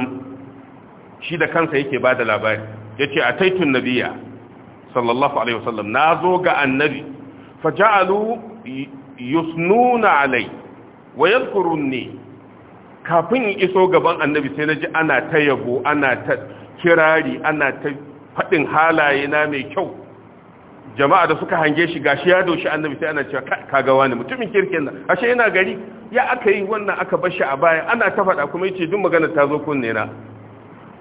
shi da kansa yake ba da labari yace ataitun nabiyya sallallahu alaihi wasallam na zo ga annabi faja'alu yusnuna alai wa ne. kafin in iso gaban annabi sai na ji ana ta yabo ana ta kirari ana ta faɗin halaye na mai kyau jama'a da suka hange shi gashi ya doshi annabi sai ana cewa kaga wani mutumin kirkin nan ashe yana gari ya aka yi wannan aka bar shi a baya ana ta faɗa kuma ce duk magana ta zo kunne na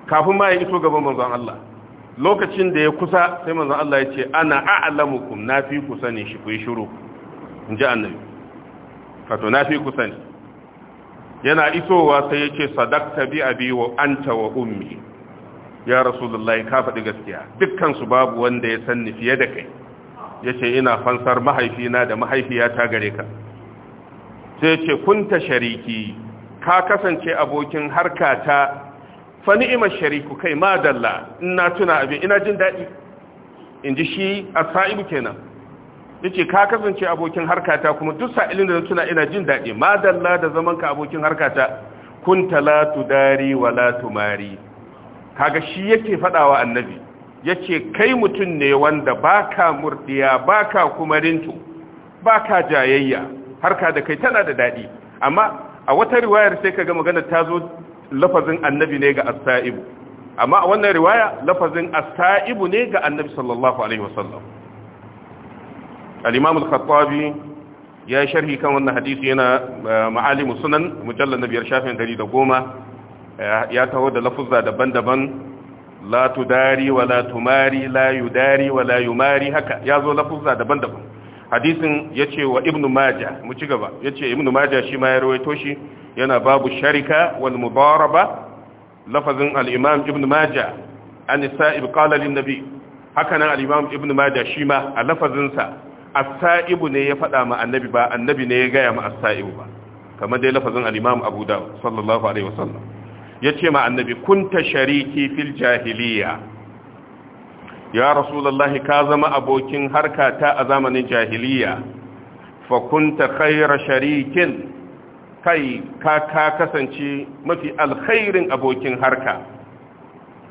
kafin ma ya iso gaban manzon Allah lokacin da ya kusa sai manzon Allah ya ce ana a'lamukum nafi ku shi ku yi shiru in ji annabi wato nafi kusani yana isowa sai yake sadakta bi abi wa anta wa ummi ya rasulullahi ka faɗi gaskiya dukkan su babu wanda ya sanni fiye da kai yace ina fansar mahaifina da mahaifiyata gare ka sai yace kunta shariki ka kasance abokin harkata fa ni'imar shariku kai madalla ina tuna abin ina jin daɗi in ji shi a sa'ibu kenan yace ka kasance abokin harkata kuma duk sa'ilin da tuna ina jin daɗi madalla da zaman ka abokin harkata kunta la tudari wa tumari kaga shi yake fadawa annabi yace kai mutun ne wanda baka murdiya baka kuma rinto baka jayayya harka da kai tana da daɗi amma a wata riwayar sai kaga magana ta zo lafazin annabi ne ga as-sa'ibu amma a wannan riwaya lafazin as-sa'ibu ne ga annabi sallallahu alaihi wasallam al-imam al ya sharhi kan wannan hadisi yana ma'alimu sunan mujallal biyar shafin 110 ya taho da lafuzza daban-daban la tudari wa la tumari la yudari wa la yumari haka ya zo lafuzza daban-daban hadisin yace wa ibnu majah mu ci gaba yace ibnu majah shi ma ya rawaito shi yana babu sharika wani mubaraba lafazin al ibnu ibnu a lafazinsa as ne ya faɗa ma annabi ba annabi ne ya gaya ma as-sa'ibu ba kamar dai lafazin al-imam abu sallallahu alaihi wasallam yace ma annabi kunta shariki fil jahiliya ya rasulullahi ka zama abokin harka ta a zamanin jahiliya fa kunta khayra sharikin kai ka ka kasance mafi alkhairin abokin harka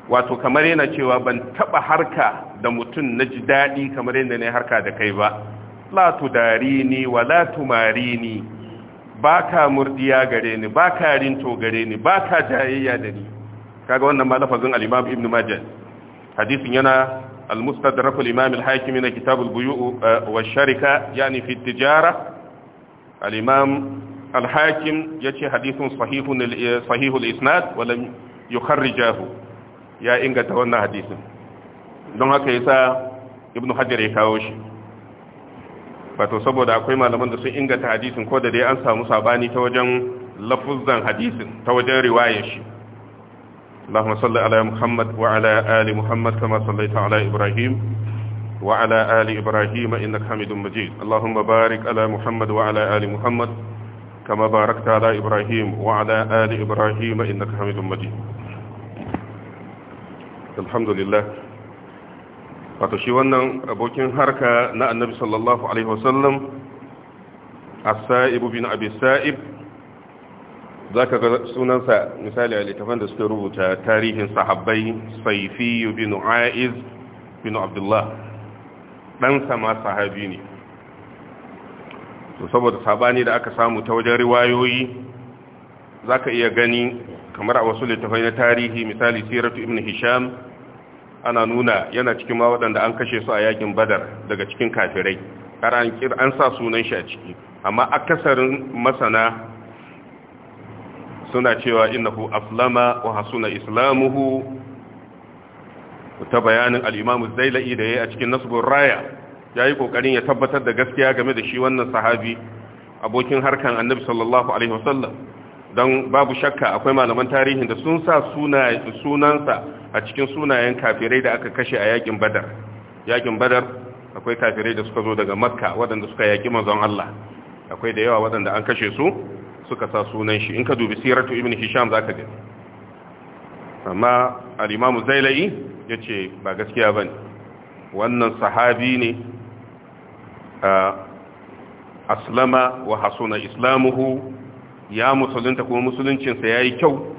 wato kamar yana cewa ban taba harka da mutum na ji daɗi kamar yadda ne harka da kai ba la wala wa la ni ba ka murdiya gare ni ba ka rinto gare ni ba ka jayayya da ni kaga wannan ma lafazin al-imam ibn majah hadisin yana al-mustadrak al-imam al-hakim na kitab al-buyu' eh, wa sharika yani fi tijara al-imam al-hakim yace hadisin sahihun eh, sahihul isnad wa lam yukharrijahu ya inganta wannan hadisin don haka yasa ibn hajar ya kawo shi wato saboda akwai malaman da sun inganta hadisin ko da dai an samu sabani ta wajen lafuzan hadisin ta wajen riwayar shi اللهم صل على محمد وعلى آل محمد كما صليت على إبراهيم وعلى آل إبراهيم إنك حميد مجيد اللهم بارك على محمد وعلى آل محمد كما باركت على إبراهيم وعلى آل إبراهيم إنك حميد مجيد الحمد لله wato shi wannan abokin harka na annabi sallallahu alaihi wasallam as-sa'ib bin abi sa'ib zaka ga sunansa misali a littafin da suka rubuta tarihin sahabbai saifi bin aiz bin abdullah dan sama sahabi ne to saboda sabani da aka samu ta wajen riwayoyi zaka iya gani kamar a wasu littafai na tarihi misali siratu ibn hisham ana nuna yana cikin ma waɗanda an kashe su a yakin badar daga cikin kafirai har an sa sunan shi a ciki amma akasarin masana suna cewa innahu aslama wa hasuna islamuhu ta bayanin al zaila'i da yayi a cikin nasbur raya yayi kokarin ya tabbatar da gaskiya game da shi wannan sahabi abokin harkan annabi sallallahu alaihi wasallam don babu shakka akwai malaman tarihin da sun sa sunansa a cikin sunayen kafirai da aka kashe a yakin badar yakin badar akwai kafirai da suka zo daga makka waɗanda suka yaƙi mazan Allah akwai da yawa waɗanda an kashe su suka sa sunan shi in ka dubi siratu ibn hisham zaka gani amma al-imam zailai yace ba gaskiya ba ne. wannan sahabi ne aslama wa hasuna islamuhu ya musulunta kuma musuluncinsa ya yi kyau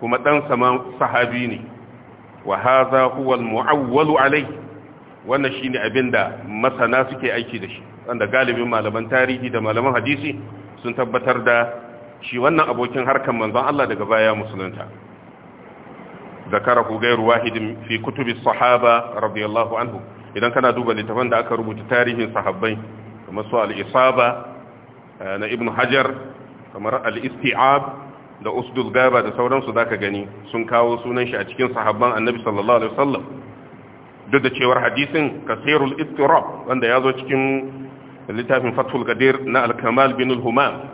kuma ɗansa ma sahabi ne wa haza huwa mu'awwalu alai wannan shine abin da masana suke aiki da shi wanda galibin malaman tarihi da malaman hadisi sun tabbatar da shi wannan abokin harkan manzon Allah daga baya musulunta zakarahu gairu wahidin fi kutubi sahaba radiyallahu anhu idan kana duba littafin da aka rubuta tarihin sahabbai kamar su al-isaba eh, na ibnu hajar kamar al-isti'ab da usdul gaba da sauransu zaka gani sun kawo sunan shi a cikin sahabban annabi sallallahu alaihi wasallam duk da cewar hadisin kasirul istirab wanda ya zo cikin littafin fathul qadir na al-kamal bin al-humam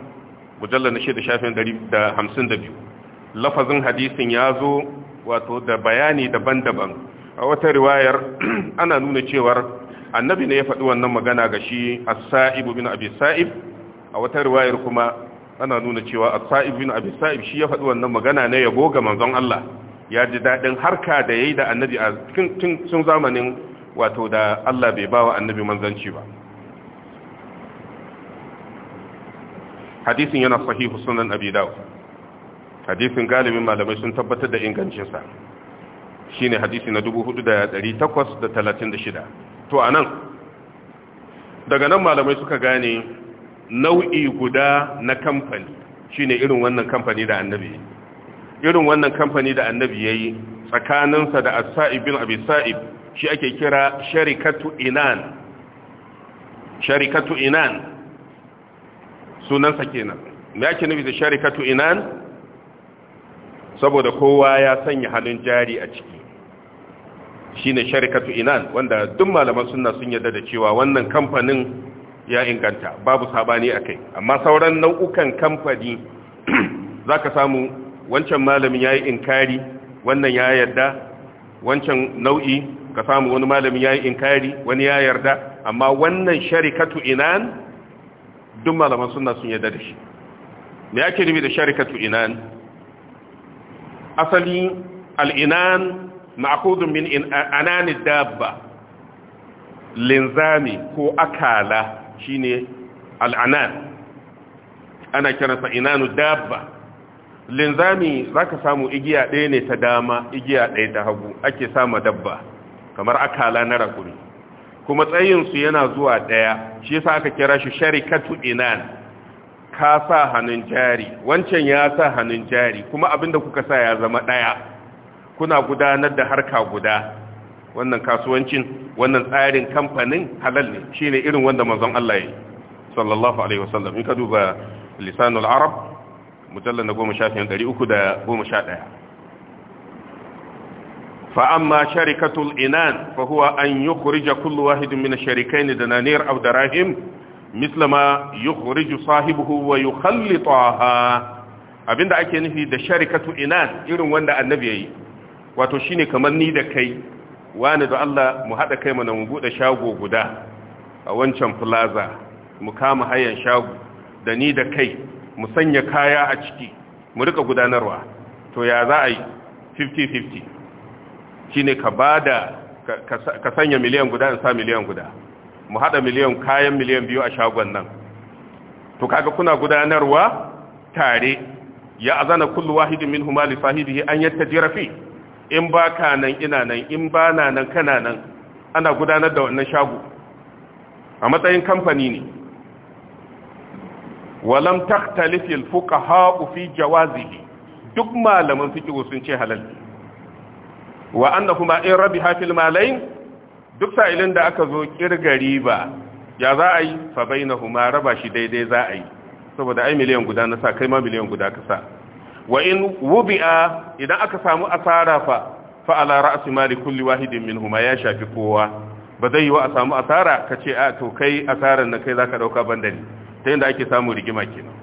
mujallal na da shafin 152 lafazin hadisin ya zo wato da bayani daban-daban a wata riwayar ana nuna cewar annabi ne ya faɗi wannan magana ga shi as-sa'ib bin abi sa'ib a wata riwayar kuma ana nuna cewa as-sa'ib bin abi sa'ib shi ya faɗi wannan magana na yabo ga manzon Allah ya ji dadin harka da yayi da annabi a cikin zamanin wato da Allah bai bawa annabi manzanci ba hadisin yana sahihu sunan abi dawo hadisin galibin malamai sun tabbatar da ingancinsa shine hadisi na 4836 to anan daga nan malamai suka gane nau'i guda na kamfani shi ne irin wannan kamfani da annabi irin wannan kamfani da annabi ya yi tsakaninsa da as-sa'ib bin abi sa'ib shi ake kira sharikatu inan sharikatu inan sunansa kenan me ake nufi da sharikatu inan saboda kowa ya sanya halin jari a ciki shi ne sharikatu inan wanda duk malaman suna sun yarda da cewa wannan kamfanin ya inganta babu sabani a kai. amma sauran nau'ukan kamfani za ka samu wancan malamin ya yi inkari wannan ya yarda wancan nau'i ka samu wani malamin ya yi inkari wani ya yarda amma wannan sharikatu inan duk malaman suna sun yarda da shi me yake nufi da sharikatu inan asali al-inan ma'khudun min ananid dabba linzami ko akala shine al'anan ana kiransa inanu dabba linzami zaka samu igiya ɗaya ne ta dama igiya ɗaya ta hagu ake sama dabba kamar akala na rakuri kuma tsayinsu yana zuwa ɗaya shi yasa aka kira shi sharikatu inan ka sa hannun jari wancan ya sa hannun jari kuma abinda kuka sa ya zama ɗaya kuna gudanar da harka guda wannan kasuwancin wannan tsarin kamfanin halal ne ne irin wanda manzon Allah ya yi sallallahu alaihi wasallam in ka duba lisanul arab mujallal na 10311 fa amma sharikatul inan fa huwa an yukhrija kullu wahidin min ash-sharikayn dananir aw darahim misla ma yukhriju sahibihi wa yukhallitaha abinda ake nufi da sharikatu inan irin wanda annabi yayi wato shine kamar ni da kai wani da Allah mu haɗa kai mana mu buɗe shago guda a wancan plaza mu kama hayan shago da ni da kai mu sanya kaya a ciki mu rika gudanarwa to ya za a yi 50-50 shine ka bada ka sanya miliyan guda in sa miliyan guda mu haɗa miliyan kayan miliyan biyu a shagon nan to kaga kuna gudanarwa tare ya azana kullu wahidin min li sahibihi an yattajira fi in ba ka nan ina nan in ba na nan kana nan ana gudanar da wannan shago a matsayin kamfani ne walam fuka fuqaha fi jawazihi duk malaman fiqh sun ce halal wa kuma in rabiha fil malain duk sa'ilin da aka zo kirgari ba ya za a yi fa bainahuma raba shi daidai za a yi saboda ai miliyan guda na sa kai ma miliyan guda ka sa wa in wubi'a idan aka samu asara fa fa ala ra'si mali kulli wahidin minhuma ya shafi kowa ba zai yi wa a samu asara ka ce a to kai asaran na kai zaka dauka banda ne ta yanda ake samu rigima kenan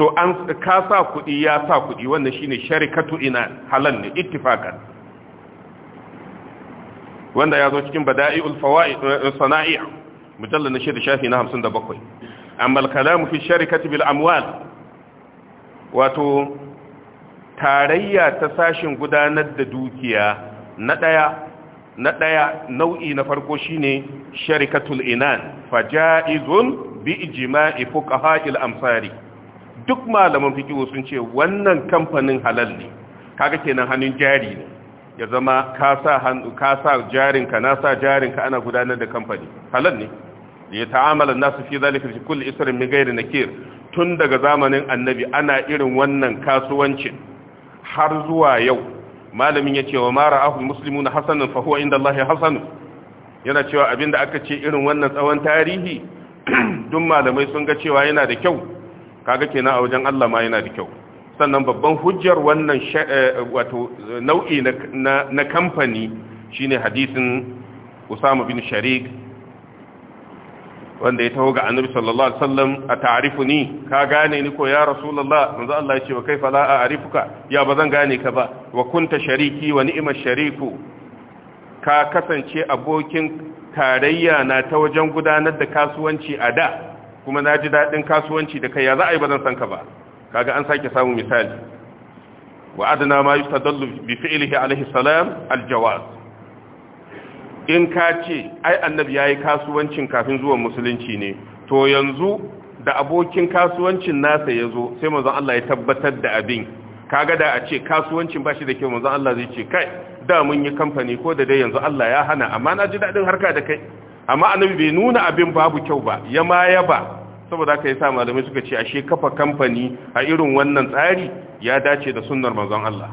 so an ka sa kuɗi ya sa kuɗi wannan shine sharikatu ina halal ne ittifaqan wanda ya zo cikin bada'i'ul fawaid eh, sana'i' mujallal na shida shafi na 57 amma al-kalamu fi sharikati bil amwal wato tarayya ta sashin gudanar da dukiya na ɗaya na ɗaya nau'i na farko shine sharikatul inan faja'izun bi ijma'i fuqaha'il amsari duk malaman fiqh sun ce wannan kamfanin halal ne kaga kenan hannun jari ne ya zama ka sa hannu ka sa jarinka na sa jarinka ana gudanar da kamfani halal ne ya ta'amala nasu fi zalika kulli isrin min ghairi nakir tun daga zamanin annabi ana irin wannan kasuwancin har zuwa yau malamin ya ce wa mara ahul muslimu na hasanin fahuwa inda Allah ya yana cewa abinda aka ce irin wannan tsawon tarihi dun malamai sun ga cewa yana da kyau kaga kenan a wajen Allah ma yana da kyau sannan babban hujjar wannan eh, wato nau'i na kamfani shine hadisin Usama bin Sharik wanda ya taho ga annabi sallallahu alaihi wasallam a ta'rifu ni ka gane ni ko ya rasulullah manzo Allah ya ce wa kaifa la a'rifuka ya bazan gane ka ba wa kunta shariki wa ni'ma shariku ka kasance abokin tarayya na ta wajen gudanar da kasuwanci a da kuma na ji daɗin kasuwanci da kai ya za a yi bazan san ka ba kaga an sake samun misali wa adana ma yustadallu bi fi'lihi alaihi salam aljawaz in ka ce ai annabi yi kasuwancin kafin zuwan musulunci ne to yanzu da abokin kasuwancin nasa ya zo sai mazan Allah ya tabbatar da abin kaga da a ce kasuwancin bashi da kyau mazan Allah zai ce kai da mun yi kamfani ko da dai yanzu Allah ya hana amma na ji dadin harka da kai amma annabi bai nuna abin babu kyau ba ya ma ba. saboda haka sa malamai suka ce ashe kafa kamfani a irin wannan tsari ya dace da sunnar manzon Allah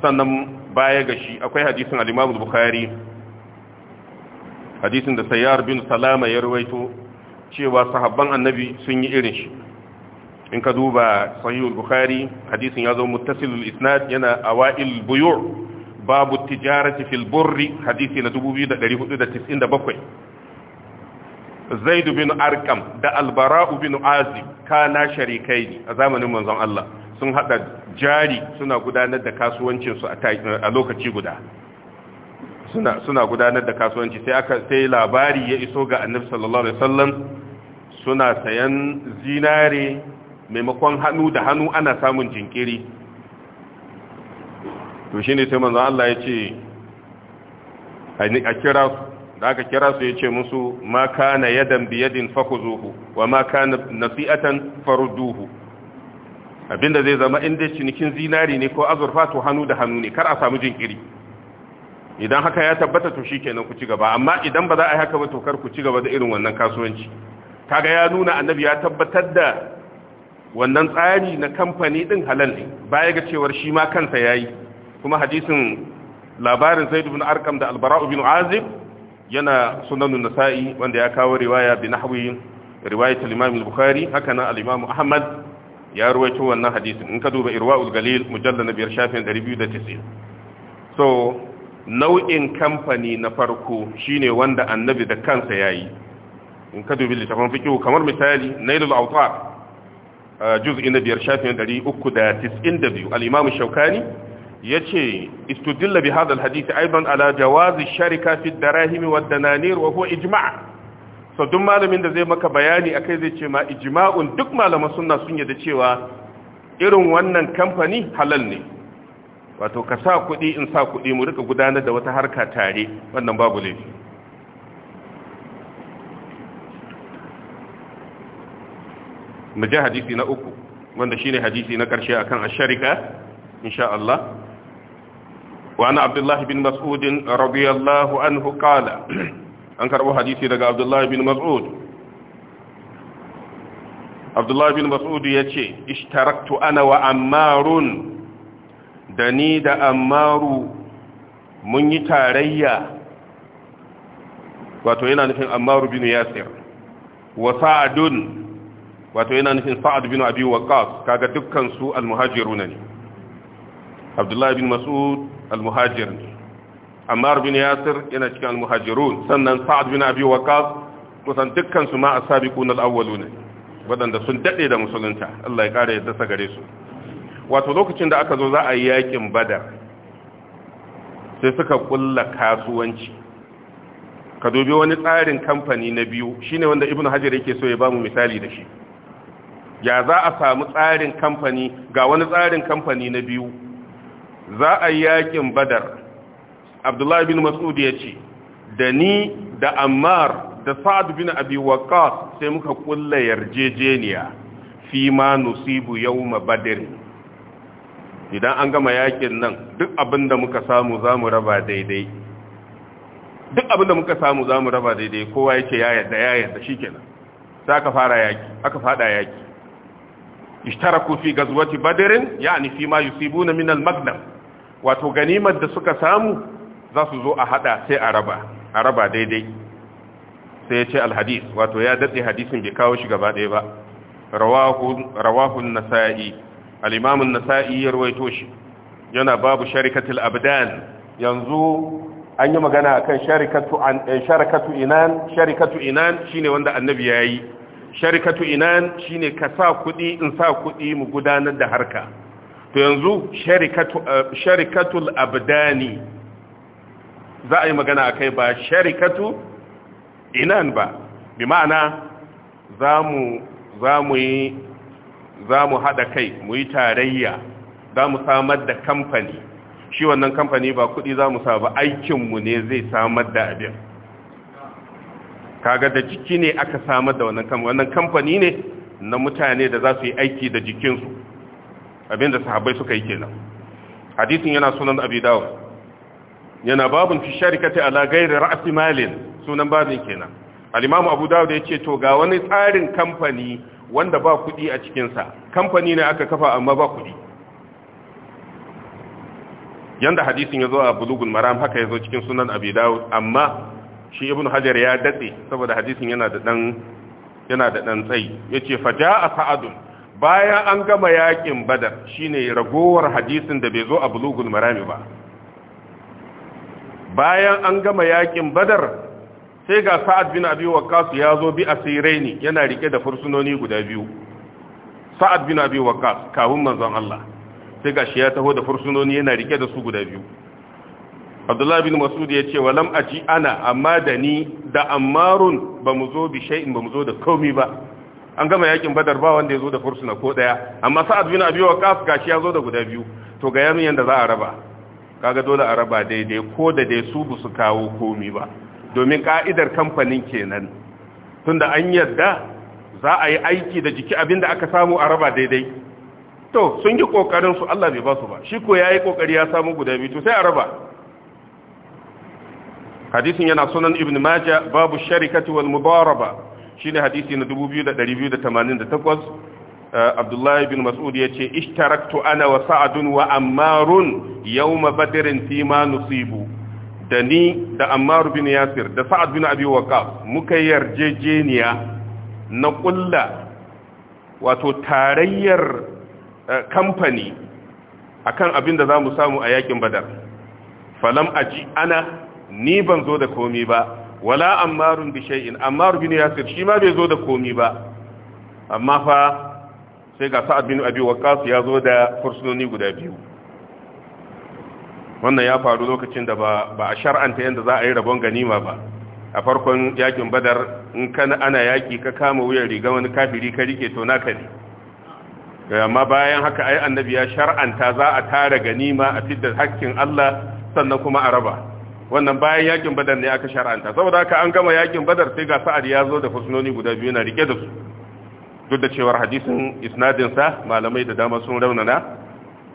sannan baya gashi akwai hadisin al-Imam Bukhari hadisin da sayyar bin salama ya ruwaito cewa sahabban annabi sun yi irin shi in ka duba sahihul bukhari hadisin ya zo muttasilul isnad yana awail buyu' babu tijarati fil burri hadisi na 2497 zaid bin arkam da albara'u bin azib kana sharikai a zamanin manzon Allah sun hada jari suna gudanar da kasuwancinsu a lokaci guda suna suna gudanar da kasuwanci sai aka sai labari ya iso ga annabi sallallahu alaihi wasallam suna sayan zinare maimakon hannu da hannu ana samun jinkiri to shine sai manzo Allah ya ce a kira su da aka kira su ya ce musu ma kana yadan biyadin fakhuzuhu wa ma kana nasi'atan farduhu abinda zai zama inda cinikin zinari ne ko azurfa to hannu da hannu ne kar a samu jinkiri idan haka ya tabbata to kenan ku ci gaba amma idan ba za a yi haka ba to kar ku ci gaba da irin wannan kasuwanci kaga ya nuna annabi ya tabbatar da wannan tsari na kamfani din halal ne baya ga cewar shi ma kansa yayi kuma hadisin labarin Zaid ibn arkam da albara bara ibn Azib yana sunanun Nasa'i wanda ya kawo riwaya bi nahwi riwayat al-Imam al-Bukhari haka nan al-Imam Ahmad ya ruwaito wannan hadisin in ka duba Irwaul Galil mujallar na biyar shafin 290 so nau'in kamfani na farko shine wanda annabi da kansa yayi in ka dubi littafin fiqh kamar misali nailul awtar juz'i na biyar shafin 392 al-imam shaukani yace istudilla bi hadha al-hadith ala jawazi ash-sharika fi ad-darahim wad-dananir wa huwa ijma' so duk malamin da zai maka bayani akai zai ce ma ijma'un duk malaman sunna sun yadda cewa irin wannan kamfani halal ne wato ka sa kuɗi in sa kuɗi mu rika gudanar da wata harka tare wannan babu laifi mu ji hadisi na uku wanda shine hadisi na ƙarshe akan asharika insha Allah wa ana abdullah bin mas'ud radiyallahu anhu qala an karbo hadisi daga abdullah bin mas'ud abdullah bin mas'ud yace ishtaraktu ana wa ammarun da ni da ammaru mun yi tarayya wato yana nufin ammaru bin yasir wa sa'adun wato yana nufin sa'ad bin abi waqas kaga dukkan su almuhajiruna ne Abdullahi bin mas'ud almuhajir ne Ammaru bin yasir yana cikin almuhajirun sannan sa'ad bin abi waqas kusan dukkan su ma asabiqun alawwaluna wadanda sun dade da musulunta Allah ya kare yadda sa gare su wato lokacin da aka zo za a yi yakin badar sai suka kulla kasuwanci ka dubi wani tsarin kamfani na biyu shi ne wanda Ibn hajar yake so ya bamu misali da shi ya za a samu tsarin kamfani ga wani tsarin kamfani na biyu za a yi yakin badar abdullahi bin mas'ud ya ce da ni da ammar da sa'ad bin abi waqqas sai muka kulla yarjejeniya fi ma nusibu yawma badrin idan an gama yakin nan duk abin da muka samu za mu raba daidai duk abin da muka samu za mu raba daidai kowa ya ce ya yadda ya yadda shi kenan sai aka fara yaki aka fada yaki ishtaraku fi gazwati badirin yani fi ma yusibuna min al-magnam wato ganimar da suka samu za su zo a hada sai a raba a raba daidai sai ya ce al wato ya daɗe hadisin bai kawo shi gaba ɗaya ba rawahu rawahu an-nasa'i al-imam nasai ya rawaito shi yana babu sharikatul abdan yanzu an yi magana a kan an eh, sharikatu inan sharikatu inan ne wanda annabi yayi sharikatu inan ne ka sa kuɗi in sa kuɗi mu gudanar da harka to yanzu eh, sharikatul abdani za a yi magana akai ba sharikatu inan ba bi ma'ana za mu yi za mu haɗa kai mu yi tarayya za mu samar da kamfani shi wannan kamfani ba kuɗi za mu sa ba aikinmu ne zai samar da abin kaga da jiki ne aka samar da wannan kamfani wannan kamfani ne na mutane da za su yi aiki da jikinsu abinda sahabbai suka yi kenan hadisin yana sunan abi dawo yana babun fi sharikati ala ghairi ra'si malin sunan babin kenan al-imam abu dawud yace to ga wani tsarin kamfani wanda ba kuɗi a cikinsa kamfani ne aka kafa amma ba kuɗi yanda hadisin ya zo a bulugun maram haka ya zo cikin sunan abi dawud amma shi ibn hajar ya datse saboda hadisin yana da ɗan tsayi ya ce tsayi yace sa'adun bayan an gama yakin badar shine ragowar hadisin da bai zo a bulugun marami ba bayan an gama yakin badar sai ga sa'ad bin abi Kasu ya zo bi ne yana rike da fursunoni guda biyu sa'ad bin abi Kasu kawun manzan Allah sai ga shi ya taho da fursunoni yana rike da su guda biyu abdullahi bin masud ya ce walam ji ana amma da ni da ammarun ba mu zo bi in ba mu zo da komi ba an gama yakin badar ba wanda ya zo da fursuna ko daya amma sa'ad bin abi ga shi ya zo da guda biyu to ga yamin yadda za a raba kaga dole a raba daidai ko da dai su bu su kawo komi ba domin ka'idar kamfanin kenan tunda an yadda za a yi aiki da jiki abinda aka samu a raba daidai to sun yi kokarin su Allah bai ba su ba shi ko ya yi kokari ya samu guda biyu to sai a raba hadisin yana sunan ibn majah babu sharikati wal Mubaraba shine hadisi na 2288 uh, Abdullahi ibn mas'ud yace ishtaraktu ana wa sa'dun wa ammarun yawma badrin fi ma nusibu da ni da Ammaru bin Yasir da Sa'ad bin Abi Waqqas muka yarjejeniya na kulla wato tarayyar eh, kamfani akan abin da zamu samu a yakin Badar falam aji ana ni ban zo da komi ba wala Ammarun bi shay'in ammaru bin Yasir shi ma bai zo da komi ba amma fa sai ga Sa'ad bin Abi Waqqas ya zo da fursunoni guda biyu wannan ya faru lokacin da ba a shar'anta yadda za a yi rabon ganima ba a farkon yakin badar in kana ana yaki ka kama wuyan riga wani kafiri ka rike to naka ne eh, amma bayan haka ai annabi ya shar'anta za a tara ganima a fidda hakkin Allah sannan kuma a raba wannan bayan yakin badar ne aka shar'anta saboda haka an gama yakin badar sai ga sa'ad ya zo da fusnoni guda biyu na rike da su duk da cewar hadisin isnadin sa malamai da dama sun raunana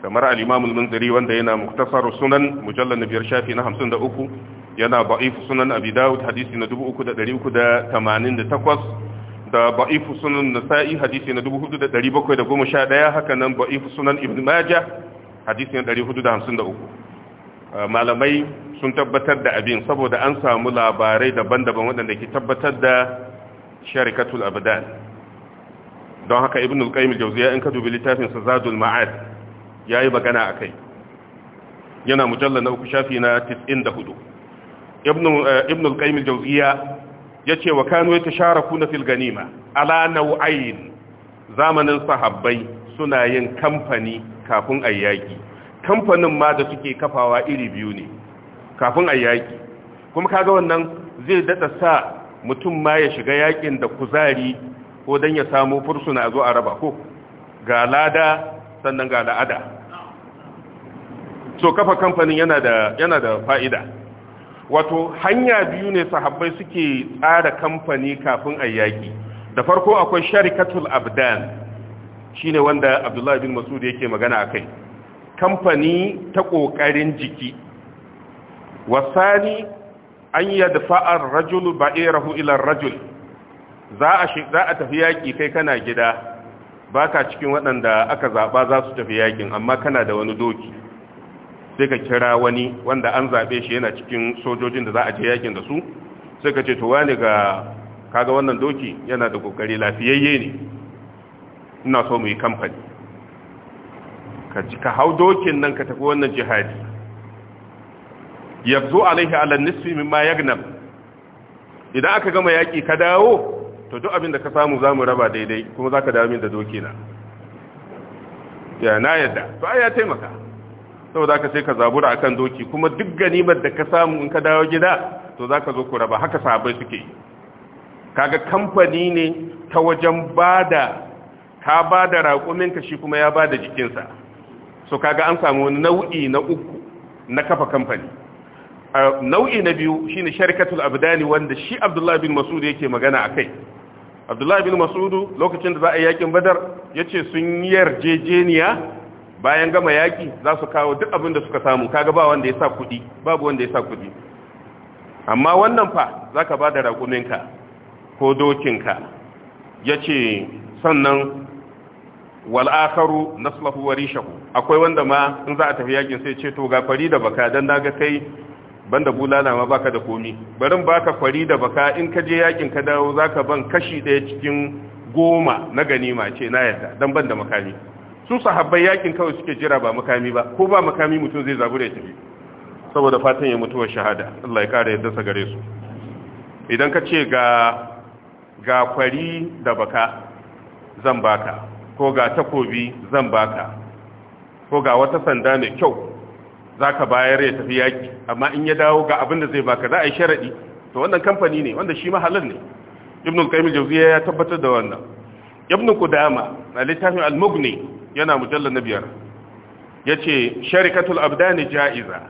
kamar al-imam al-munziri wanda yana muktasar sunan mujallal na biyar shafi na 53 yana da'if sunan abi daud hadisi na 3388 da da'if sunan nasa'i hadisi na 4711 haka nan da'if sunan ibn majah hadisi na 453 ah, malamai sun tabbatar da abin saboda an samu labarai daban-daban wadanda ke tabbatar da sharikatul abdan don haka ibn al-qayyim al-jawziya in ka dubi littafin sa zadul ma'ad ya yi magana a kai yana mujallar na uku shafi na 94 ibn al qaimil al ya ce wa kanu kuna fil ganima ala nau'ain zamanin sahabbai suna yin kamfani kafin ayyaki kamfanin ma da suke kafawa iri biyu ne kafin a yaƙi. kuma kaga wannan zai dada sa mutum ma ya shiga yakin da kuzari ko dan ya samo fursuna a zo a raba ko ga lada sannan ga la'ada so kafa kamfanin yana da yana da fa'ida wato hanya biyu ne sahabbai suke tsara kamfani kafin ayyaki da farko akwai sharikatul abdan shine wanda abdullahi bin masud yake magana akai kamfani ta kokarin jiki wasani an yadfa ar-rajul ba'irahu ila ar-rajul za a tafi yaki kai kana gida baka cikin waɗanda aka zaɓa za su tafi yakin amma kana da wani doki sai ka kira wani wanda an zaɓe shi yana cikin sojojin da za a je yakin da su sai ka ce to wani ga kaga wannan doki yana da kokari lafiyayye ne ina so mu yi kamfani ka ji ka hau dokin nan ka tafi wannan jihadi yabzu alaihi ala nisfi mimma yagnab idan aka gama yaki ka dawo to duk abin da ka samu za mu raba daidai kuma za ka damin da doki na ya na yadda to ai ya taimaka saboda ka sai ka zabura akan doki kuma duk ganimar da ka samu in ka dawo gida to za ka zo ku raba haka sahabbai suke kaga kamfani ne ta wajen bada ka bada raƙuminka shi kuma ya bada jikinsa so kaga an samu wani nau'i na uku na kafa kamfani nau'i na biyu shine sharikatul abdani wanda shi abdullahi bin masud yake magana akai abdullahi bin masudu lokacin da za a yi yakin badar ya ce sun yi yarjejeniya bayan gama yaki za su kawo duk abin da suka samu kaga ba wanda ya sa kuɗi babu wanda ya sa kuɗi amma wannan fa za ka ba da raƙuminka ko dokinka ya ce sannan wal'akaru naslahu wa rishahu akwai wanda ma in za a tafi yakin sai ce to fari da baka dan naga kai banda bulala ma baka da komi barin baka kwari da baka in ka je yakin ka dawo zaka ban kashi daya cikin goma na ganima ce na yadda dan banda makami su sahabbai yakin kawai suke jira ba makami ba ko ba makami mutum zai zabura ya tafi saboda fatan ya mutuwa shahada Allah ya kare yadda sa gare su idan ka ce ga ga kwari da baka zan baka ko ga takobi zan baka ko ga wata sanda mai kyau za ka bayar ya tafi yaƙi amma in ya dawo ga abin da zai baka za a yi sharaɗi to wannan kamfani ne wanda shi mahalar ne ibn qayyim jawziya ya tabbatar da wannan ibn qudama na littafin al yana mujallar na biyar Ya yace sharikatul abdani ja'iza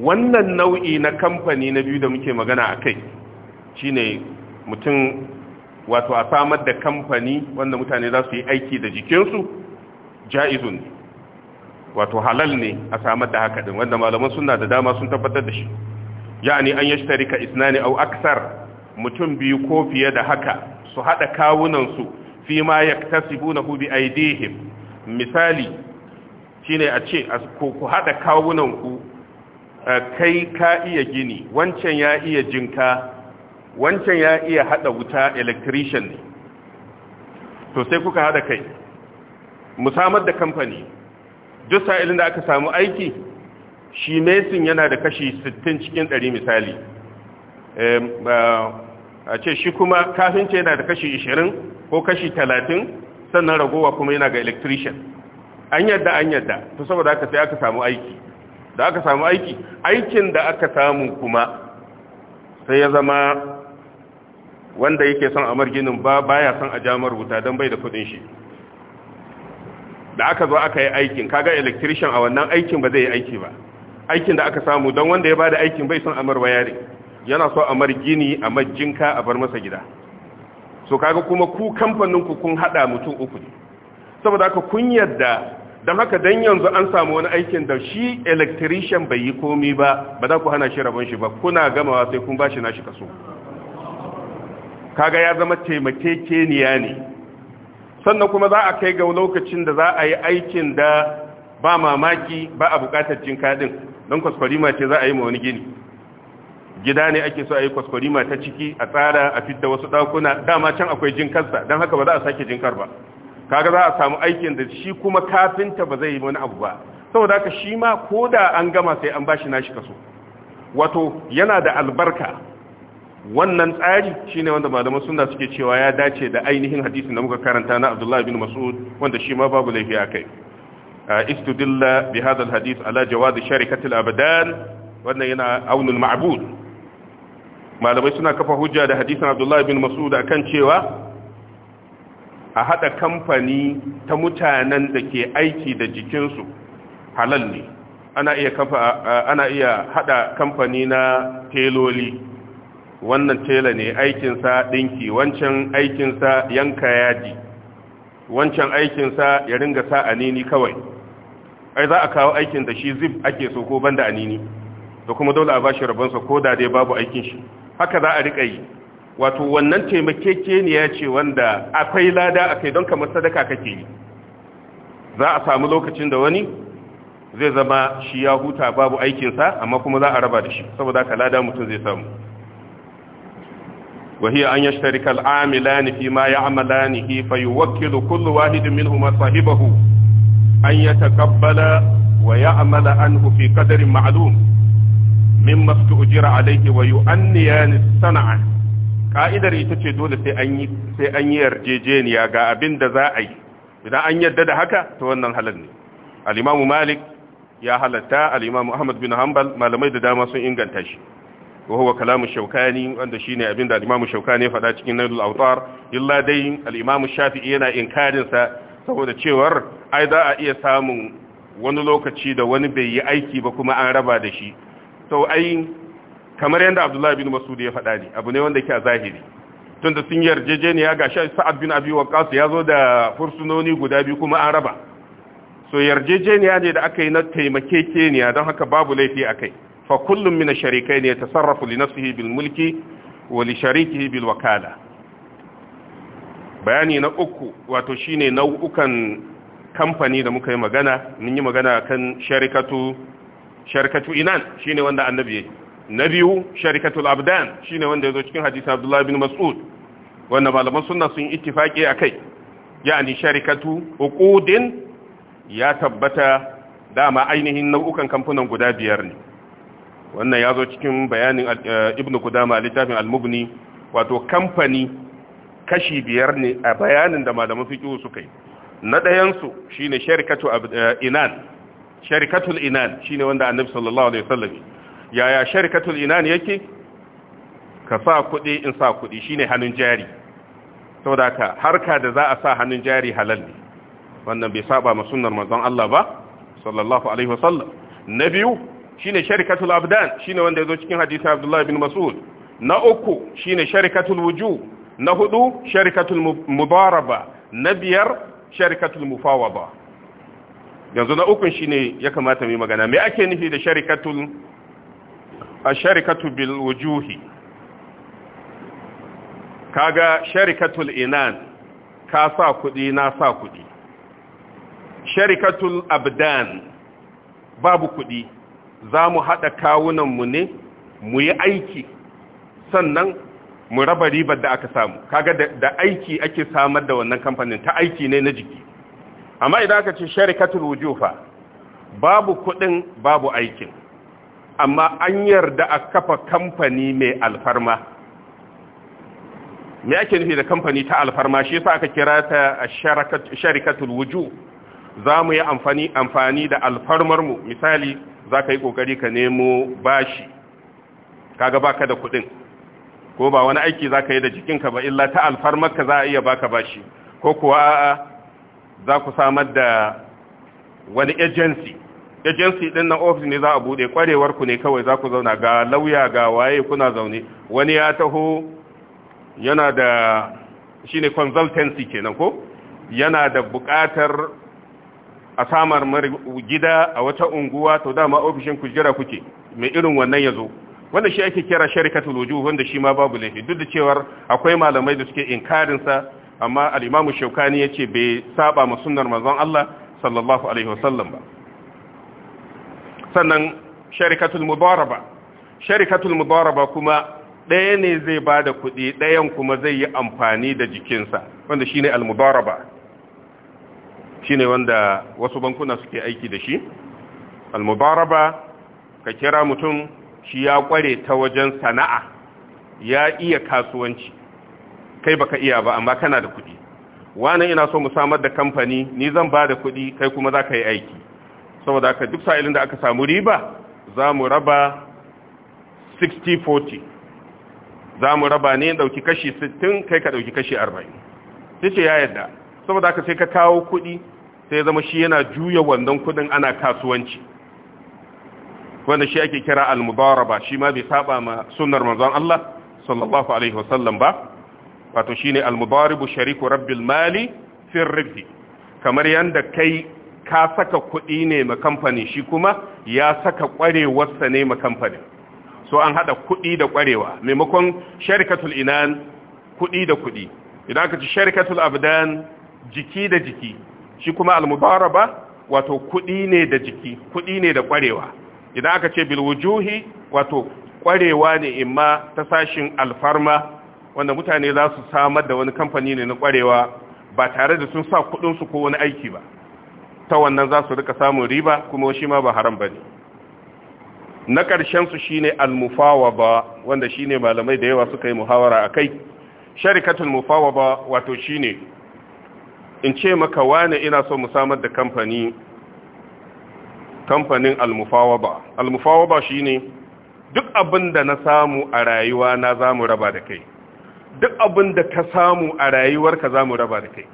wannan nau'i na kamfani na biyu da muke magana a kai shine mutum wato a samar da kamfani wanda mutane za su yi aiki da jikinsu ja'izun ne wato halal ne a samar da haka din wanda malaman suna da dama sun tabbatar da shi yani an yashtarika isnani aw aksar mutum biyu ko fiye da haka su hada kawunan su fi ma yaktasibunahu bi aidihim misali shine a ce ku hada kawunan ku kai ka iya gini wancan ya iya jinka wancan ya iya hada wuta electrician ne to sai kuka hada kai musamar da kamfani duk sa'ilin da aka samu aiki shi mesin yana da kashi 60 cikin 100 misali a ce shi kuma kafinci yana da kashi 20 ko kashi 30 sannan ragowa kuma yana ga electrician an yadda an yadda to saboda aka sai aka samu aiki da aka samu aiki aikin da aka samu kuma sai ya zama wanda yake son amarginin ginin ba baya son a jamar wuta don bai da kudin shi da aka zo aka yi aikin kaga electrician a wannan aikin ba zai yi aiki ba aikin da aka samu don wanda ya ba da aikin bai son amar wayari yana so amar gini a majinka a bar masa gida so kaga kuma ku kamfanin ku kun hada mutum uku ne saboda haka kun yadda don haka dan yanzu an samu wani aikin da shi electrician bai yi komi ba ba za ku hana shi rabon shi ba kuna gamawa sai kun bashi nashi kaso kaga ya zama taimakekeniya ne sannan kuma za a kai ga lokacin da za a yi aikin da ba mamaki ba a bukatar jin kadin don kwaskwarima ce za a yi ma wani gini gida ne ake so a yi kwaskwarima ta ciki a tsara a fitta wasu dakuna dama can akwai jinkarsa don haka ba za a sake jinkar ba kaga za a samu aikin da shi kuma kafinta ba zai yi wani abu ba saboda haka shi ma ko da an gama sai an bashi nashi kaso wato yana da albarka wannan tsari shine wanda malaman sunna suke cewa ya dace da ainihin hadisin da muka karanta na Abdullah ibn Mas'ud wanda shi ma babu laifi akai istudilla bi hadha alhadith ala jawaz sharikat alabadan wannan yana aunul ma'bud malamai suna kafa hujja da hadisin Abdullah ibn Mas'ud akan cewa a hada kamfani ta mutanen da ke aiki da jikinsu halal ne ana iya kafa ana iya hada kamfani na teloli wannan tela ne aikinsa ɗinki wancan aikinsa yanka yaji wancan aikinsa ya ringa sa anini kawai ai za a kawo aikin da shi zib ake so ko banda anini da kuma dole a bashi rabonsa ko da dai babu aikin shi haka za a riƙa yi wato wannan taimakeke ne ya ce wanda akwai lada akai don kamar sadaka kake yi za a samu lokacin da wani zai zama shi ya huta babu aikinsa amma kuma za a raba da shi saboda ka lada mutum zai samu وهي أن يشترك العاملان فيما يعملانه فيوكل كل واحد منهما صاحبه أن يتقبل ويعمل عنه في قدر معلوم مما استؤجر عليه ويؤنيان الصنعة ka'idar ita ce dole sai an yi sai yarjejeniya ga abinda da yi idan an yarda da haka ta wannan halal ne malik ya halarta al ahmad bin hanbal malamai da dama sun inganta shi wa huwa kalamu shaukani wanda shine abinda al-imamu shaukani ya faɗa cikin nailul autar illa dai al-imamu shafi'i yana inkarin sa saboda cewar ai za a iya samun wani lokaci da wani bai yi aiki ba kuma an raba da shi to ai kamar yadda abdullahi bin masud ya faɗa ne abu ne wanda yake a zahiri tunda sun yarjejeniya ga shi sa'ad bin abi waqas ya zo da fursunoni guda biyu kuma an raba so yarjejeniya ne da aka yi na taimakekeniya don haka babu laifi a kai fa kullum min ash-sharikayn yatasarrafu li nafsihi bil mulki wa li sharikihi wakala bayani na uku wato shine nau'ukan kamfani da muka yi magana mun yi magana kan sharikatu sharikatu inan shine wanda annabi yayi na biyu sharikatul abdan shine wanda yazo cikin hadisi Abdullah bin Mas'ud wanda malaman suna sun ittifaki akai yani sharikatu uqudin ya tabbata dama ainihin nau'ukan kamfanin guda biyar ne wannan ya zo cikin bayanin eh, ibn kudama littafin al-mubni wato kamfani kashi biyar ne a bayanin da malaman fiqh suka yi na ɗayansu shine sharikatu eh, inan sharikatul inan shine wanda annabi sallallahu alaihi wasallam yaya sharikatul inan yake ka sa kuɗi in sa kuɗi shine hannun jari saboda haka harka da za a sa hannun jari halal ne wannan bai saba ma sunnar manzon Allah ba sallallahu alaihi wasallam na biyu shine sharikatul abdan shine wanda yazo cikin hadisin Abdullahi bin Mas'ud na uku shine sharikatul wuju na hudu sharikatul mubaraba na biyar sharikatul mufawada yanzu na ukun shine ya kamata mu magana me ake nufi da sharikatul asharikatu bil wujuhi kaga sharikatul inan ka sa kudi na sa kudi sharikatul abdan babu kudi za mu haɗa kawunanmu ne mu yi aiki sannan mu raba ribar da aka samu kaga da aiki ake samar da wannan kamfanin ta aiki ne na jiki amma idan aka ce sharikatul wujufa babu kuɗin babu aikin amma an yarda a kafa kamfani mai alfarma me ake nufi da kamfani ta alfarma shi yasa aka kira ta sharikatul wuju za mu yi amfani da alfarmarmu misali za ka yi ƙoƙari ka nemo bashi kaga baka da kuɗin ko ba wani aiki za ka yi da jikinka ba illa ta alfarmarka za a iya baka bashi ko kuwa za ku samar da wani agency agency din na ofis ne za a buɗe ƙwarewarku ne kawai za ku zauna ga lauya ga waye kuna zaune wani ya taho yana da shine consultancy kenan ko yana da buƙatar a samar gida a wata unguwa to dama ofishin kujera kuke mai irin wannan ya zo wanda shi ake kira sharikatul wujuh wanda shi ma babu laifi duk da cewar akwai malamai da suke inkarin sa amma al shaukani shaukani yace bai saba ma sunnar manzon Allah sallallahu alaihi wasallam ba sannan sharikatul mudaraba sharikatul mudaraba kuma ɗaya ne zai bada kuɗi ɗayan kuma zai yi amfani da jikinsa wanda shine al-mudaraba Shi ne wanda wasu bankuna suke aiki da shi almubaraba ka kira mutum shi ya kware ta wajen sana'a ya iya kasuwanci kai baka iya ba amma kana da kuɗi wani ina so mu samar da kamfani ni zan ba da kuɗi kai kuma za ka yi aiki saboda haka duk sa'ilin da aka samu riba za mu raba 60-40 za mu raba ne ɗauki kashi 60 kai ka ɗauki kashi 40 sai ce ya yadda saboda haka sai ka kawo kuɗi sai zama shi yana juya wannan kudin ana kasuwanci wanda shi ake kira al-mudaraba shi ma bai saba ma sunnar manzon Allah sallallahu alaihi wasallam ba wato shine al-mudaribu shariku rabbil mali fi ribhi kamar yanda kai ka saka kuɗi ne ma kamfani shi kuma ya saka ƙwarewarsa ne ma kamfani so an hada kuɗi da ƙwarewa maimakon sharikatul inan kuɗi da kuɗi idan aka ci sharikatul abdan jiki da jiki shi kuma almubaraba wato kudi ne da jiki kudi ne da kwarewa idan aka ce bilwujuhi wato kwarewa ne imma ta sashin alfarma wanda mutane za su samar da wani kamfani ne na kwarewa ba tare da sun sa kudinsu ko wani aiki ba ta wannan za su rika samun riba kuma shi ma ba haram ba ne na ƙarshen su shine ba wanda shine malamai da yawa suka yi muhawara a akai sharikatul ba wato shine in ce maka wane ina so mu samar da kamfani kamfanin almufawaba almufawaba shine duk abin da na samu a rayuwa na zamu raba da kai duk abin da ka samu a rayuwarka zamu raba da kai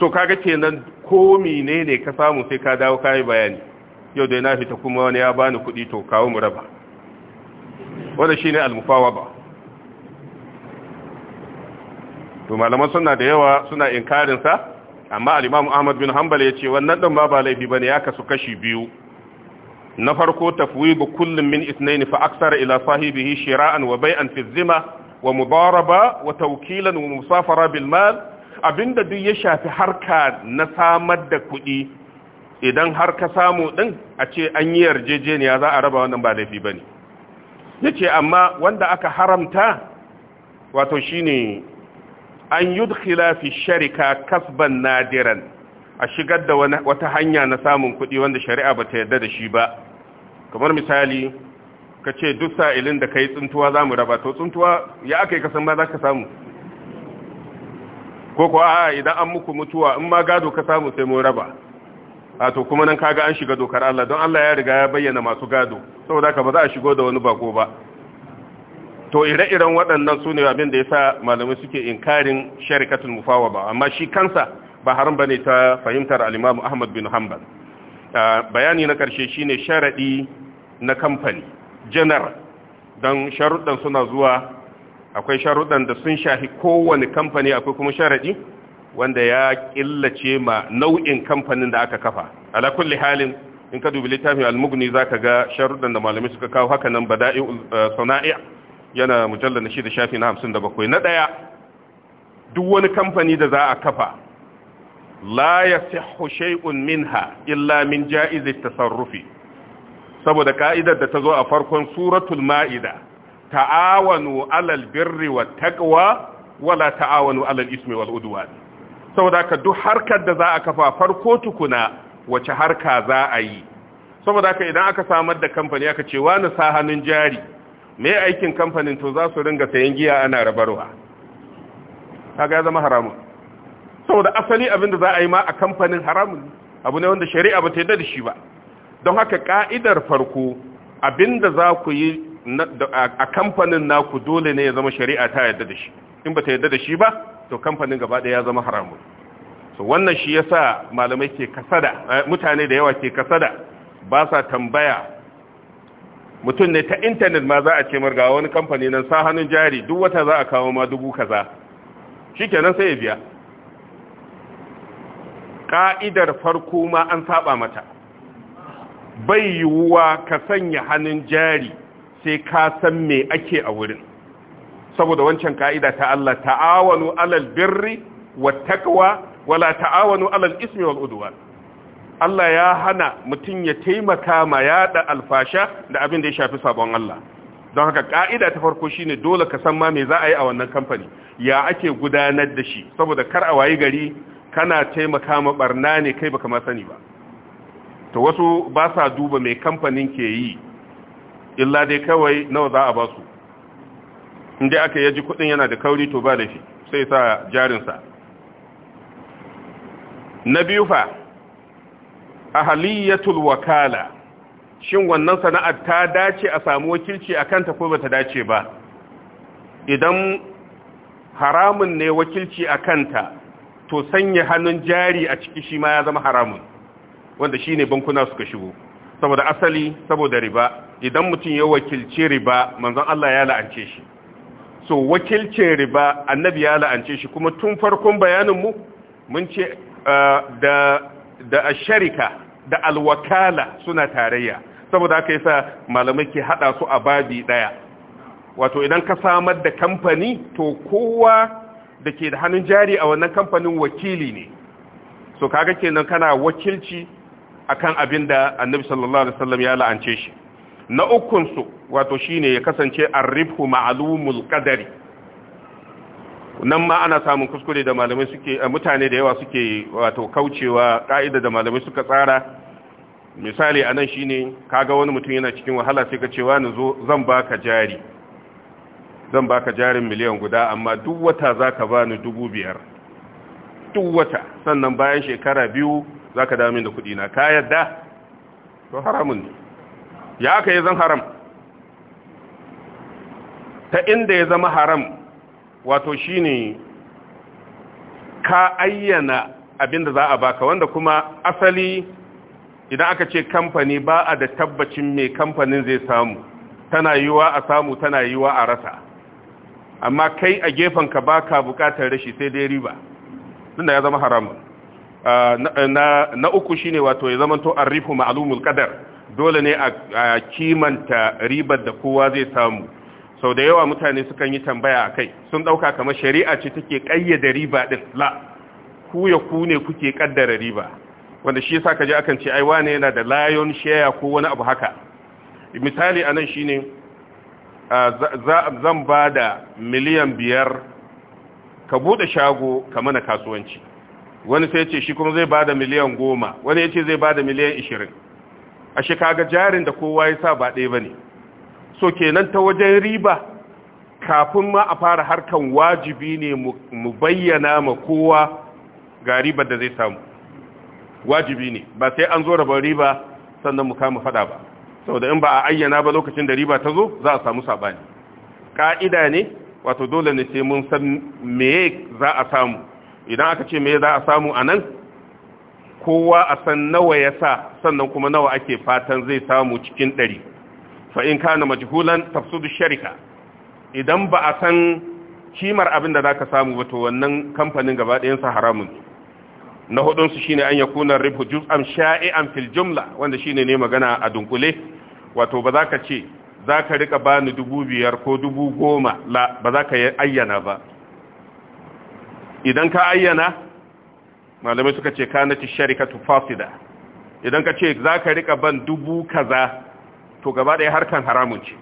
so kaga kenan ko menene ka samu sai ka dawo kai bayani yau dai na fita kuma wani ya bani kuɗi to kawo mu raba wanda shine almufawaba to malaman suna da yawa suna inkarin sa amma al-Imam Ahmad bin Hanbal yace wannan din ba ba laifi bane ya kasu kashi biyu na farko tafwidu kullum min ithnain fa aksara ila sahibihi shira'an wa bai'an fi zima wa mudaraba wa tawkilan wa musafara bil mal abinda duk ya shafi harka na samar da kuɗi idan har ka samu din a ce an yi yarjejeniya za a raba wannan ba laifi bane yace amma wanda aka haramta wato shine an yudkhila fi sharika kasban nadiran a shigar da wata hanya na samun kuɗi wanda shari'a ba ta yarda da shi ba kamar misali ka ce duk sa'ilin da ka yi tsuntuwa za mu raba to tsuntuwa ya aka yi kasan ma za ka samu ko ko a idan an muku mutuwa in ma gado ka samu sai mu raba a to kuma nan kaga an shiga dokar Allah don Allah ya riga ya bayyana masu gado saboda ka ba za a shigo da wani bako ba to ire-iren waɗannan su ne abin da ya sa malamai suke inkarin sharikatun mufawa ba amma shi kansa ba haram ba ne ta fahimtar alimamu ahmad bin hanbal bayani na ƙarshe shi ne sharaɗi na kamfani Janar don sharuɗan suna zuwa akwai sharuɗan da sun shafi kowane kamfani akwai kuma sharaɗi wanda ya ƙillace ma nau'in kamfanin da aka kafa ala kulli halin in ka dubi littafin almugni za ka ga sharuɗan da malamai suka kawo haka nan ba da'i eh, sana'i yana mujallar na shida shafi na hamsin da bakwai na ɗaya duk wani kamfani da za a kafa la ya sihu shay'un minha illa min ja'iz tasarrufi saboda ka'idar da ta zo a farkon suratul ma'ida ta'awanu alal birri wat taqwa wala ta'awanu alal ismi wal udwan saboda ka duk harkar da za a kafa farko tukuna wace harka za a yi saboda ka idan aka samar da kamfani aka ce wani sa hannun jari me aikin kamfanin to za su ringa sayan giya ana rabarwa kaga ya zama haramun saboda asali abin da za a yi ma a kamfanin haramun abu ne wanda shari'a ba ta yarda da shi ba don haka ka'idar farko abin da za ku yi a kamfanin naku dole ne ya zama shari'a ta yarda da shi in ba ta yarda da shi ba to kamfanin gaba ɗaya ya zama haramun so wannan shi yasa malamai ke kasada eh, mutane da yawa ke kasada ba sa tambaya mutum ne ta intanet ma za a ce marga wani kamfani nan sa hannun jari duk wata za a kawo ma dubu kaza nan sai ya biya ƙa'idar farko ma an saba mata bai yiwuwa ka sanya hannun jari sai ka san me ake a wurin saboda wancan ka'ida ta Allah ta'awanu alal birri wa taqwa wala ta'awanu alal ismi wal Allah ya hana mutum ya taimaka ma yada alfasha da abin da ya shafi sabon Allah don haka ƙa'ida ta farko shine dole ka san ma me za a yi a wannan kamfani ya ake gudanar da shi saboda kar a wayi gari kana taimaka ma barna ne kai baka ma sani ba Ta wasu ba sa duba mai kamfanin ke yi illa dai kawai nawa za a ba su inda aka yaji kudin yana da kauri to ba da shi sai sa jarinsa na biyu fa ahaliyatul wakala shin wannan sana'ar ta dace a samu wakilci a kanta ko ba dace ba idan haramun ne wakilci a kanta to sanya hannun jari a ciki shi ma ya zama haramun wanda shine bankuna suka shigo saboda asali saboda riba idan mutum ya wakilci riba manzon Allah ya la'ance shi so wakilcin riba annabi ya la'ance shi kuma tun farkon bayaninmu mun ce uh, da da sharika da alwakala suna tarayya saboda aka yasa malamai ke hada su a babi daya wato idan ka samar da kamfani to kowa da ke da hannun jari a wannan kamfanin wakili ne so kaga kenan kana wakilci akan abin da annabi sallallahu alaihi wasallam ya la'ance shi na ukun su wato shine ya kasance arrifhu ma'lumul qadari nan ma ana samun kuskure da malamai suke eh, mutane da yawa suke wato kaucewa ka'ida da malamai suka tsara misali anan shine kaga wani mutum yana cikin wahala sai ka cewa ni zo zan baka jari zan baka jarin miliyan guda amma duk wata zaka bani dubu biyar duk wata sannan bayan shekara biyu zaka dawo min da kuɗi na ka yadda to haramun ne ya aka yi zan haram ta inda ya zama haram wato shine ka ayyana abin da za a baka wanda kuma asali idan aka ce kamfani ba a da tabbacin mai kamfanin zai samu tana yiwa a samu tana yiwa a rasa amma kai a gefen ka baka bukatar rashi sai dai riba tunda ya zama haramun na uku shine wato ya zamanto rifu ma'lumul kadar dole ne a kimanta ribar da kowa zai samu sau da yawa mutane sukan yi tambaya a kai sun ɗauka kamar shari'a ce take ƙayyade riba ɗin la ku ya ku ne kuke ƙaddara riba wanda shi yasa kaji akan ce aiwa wane yana da lion share ko wani abu haka misali a nan shine zan ba da miliyan biyar ka buɗe shago ka mana kasuwanci wani sai ce shi kuma zai ba da miliyan goma wani ya ce zai ba da miliyan ishirin a shi kaga jarin da kowa ya sa ba ɗaya ba so kenan ta wajen riba kafin ma a fara harkan wajibi ne mu bayyana ma kowa ga ribar da zai samu wajibi ne ba sai an zo rabar riba sannan mu kama fada ba saboda in ba a ayyana ba lokacin da riba ta zo za a samu sabani ka'ida ne wato dole ne sai mun san meye za a samu idan aka ce meye za a samu a nan kowa a san nawa ya sa sannan kuma nawa ake fatan zai samu cikin ɗari fa in kana majhulan tafsudu sharika idan ba a san kimar abin da za ka samu ba to wannan kamfanin gaba ɗayan haramun na hudun su shine an yakuna ribhu juz'an sha'i'an fil jumla wanda shine ne magana a dunkule wato ba za ka ce za ka rika bani dubu biyar ko dubu goma la ba za ka ayyana ba idan ka ayyana malamai suka ce ka na ci fasida idan ka ce za ka rika ban dubu kaza to gaba ɗaya harkan haramun ce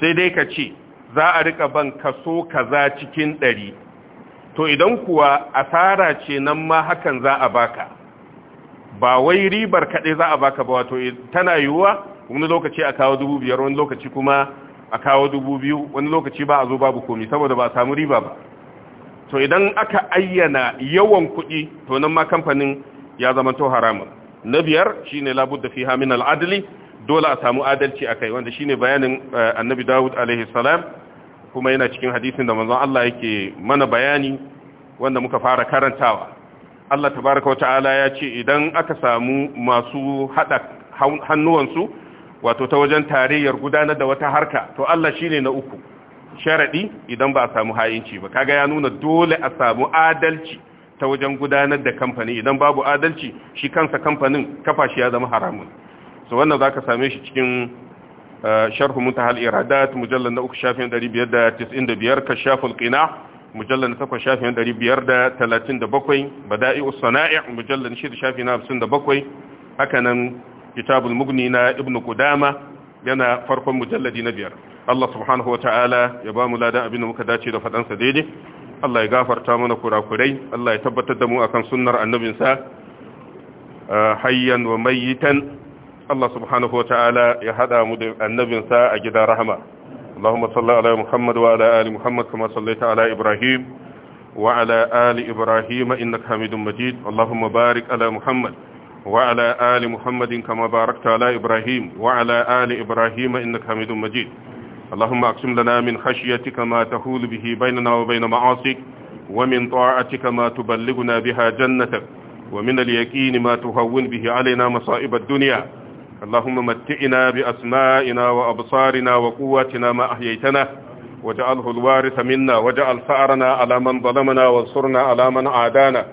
sai dai ka ce za a rika ban kaso kaza cikin ɗari to idan kuwa asara ce nan ma hakan za a baka ba wai ribar kaɗai za a baka ba wato tana yiwuwa wani lokaci a kawo dubu biyar wani lokaci kuma a kawo dubu biyu wani lokaci ba a zo babu komi saboda ba a samu riba ba to idan aka ayyana yawan kuɗi to nan ma kamfanin ya zama to haramun na biyar shine da fi min adali dole a samu adalci a kai wanda shine bayanin eh, annabi dawud alaihi salam kuma yana cikin hadisin da manzon Allah yake mana bayani wanda muka fara karantawa Allah tabaraka wata'ala ya ce idan aka samu masu hada hannuwansu wato ta wajen tarayyar gudanar da wata harka to Allah shine na uku sharadi idan ba a samu hayinci ba kaga ya nuna dole a samu adalci ta wajen gudanar da kamfani idan babu adalci shi kansa kamfanin kafa shi ya zama haramun so wannan ka same shi cikin eh, sharhu muntahal iradat mujallar na uku shafin 595 kashaful qina mujallar na 8 shafin 537 bada'i'us mujallar mujallal 6 shafin 57 haka nan kitabul mugni na ibn qudama yana farkon mujalladi na biyar Allah subhanahu wa ta'ala ya ba mu ladan abin da muka dace da fadansa daidai Allah ya gafarta mana kurakurai Allah ya tabbatar da mu akan sunnar annabinsa eh, hayyan wa mayyitan Allah subhanahu wa ta'ala ya haɗa mu da annabinsa a gidan rahama Allahumma salli ala Muhammad wa ala ali Muhammad kama sallaita ala Ibrahim wa ala ali Ibrahim innaka Hamidun Majid Allahumma barik ala Muhammad wa ala ali Muhammadin kama barakta ala Ibrahim wa ala ali Ibrahim innaka Hamidun Majid اللهم اقسم لنا من خشيتك ما تحول به بيننا وبين معاصيك ومن طاعتك ما تبلغنا بها جنتك ومن اليقين ما تهون به علينا مصائب الدنيا اللهم متئنا بأسمائنا وأبصارنا وقواتنا ما أحييتنا وجعله الوارث منا وجعل ثأرنا على من ظلمنا وانصرنا على من عادانا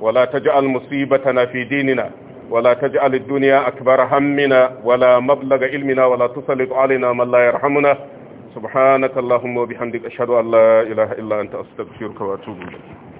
ولا تجعل مصيبتنا في ديننا ولا تجعل الدنيا أكبر همنا ولا مبلغ علمنا ولا تسلط علينا من لا يرحمنا سبحانك اللهم وبحمدك أشهد أن لا إله إلا أنت أستغفرك وأتوب إليك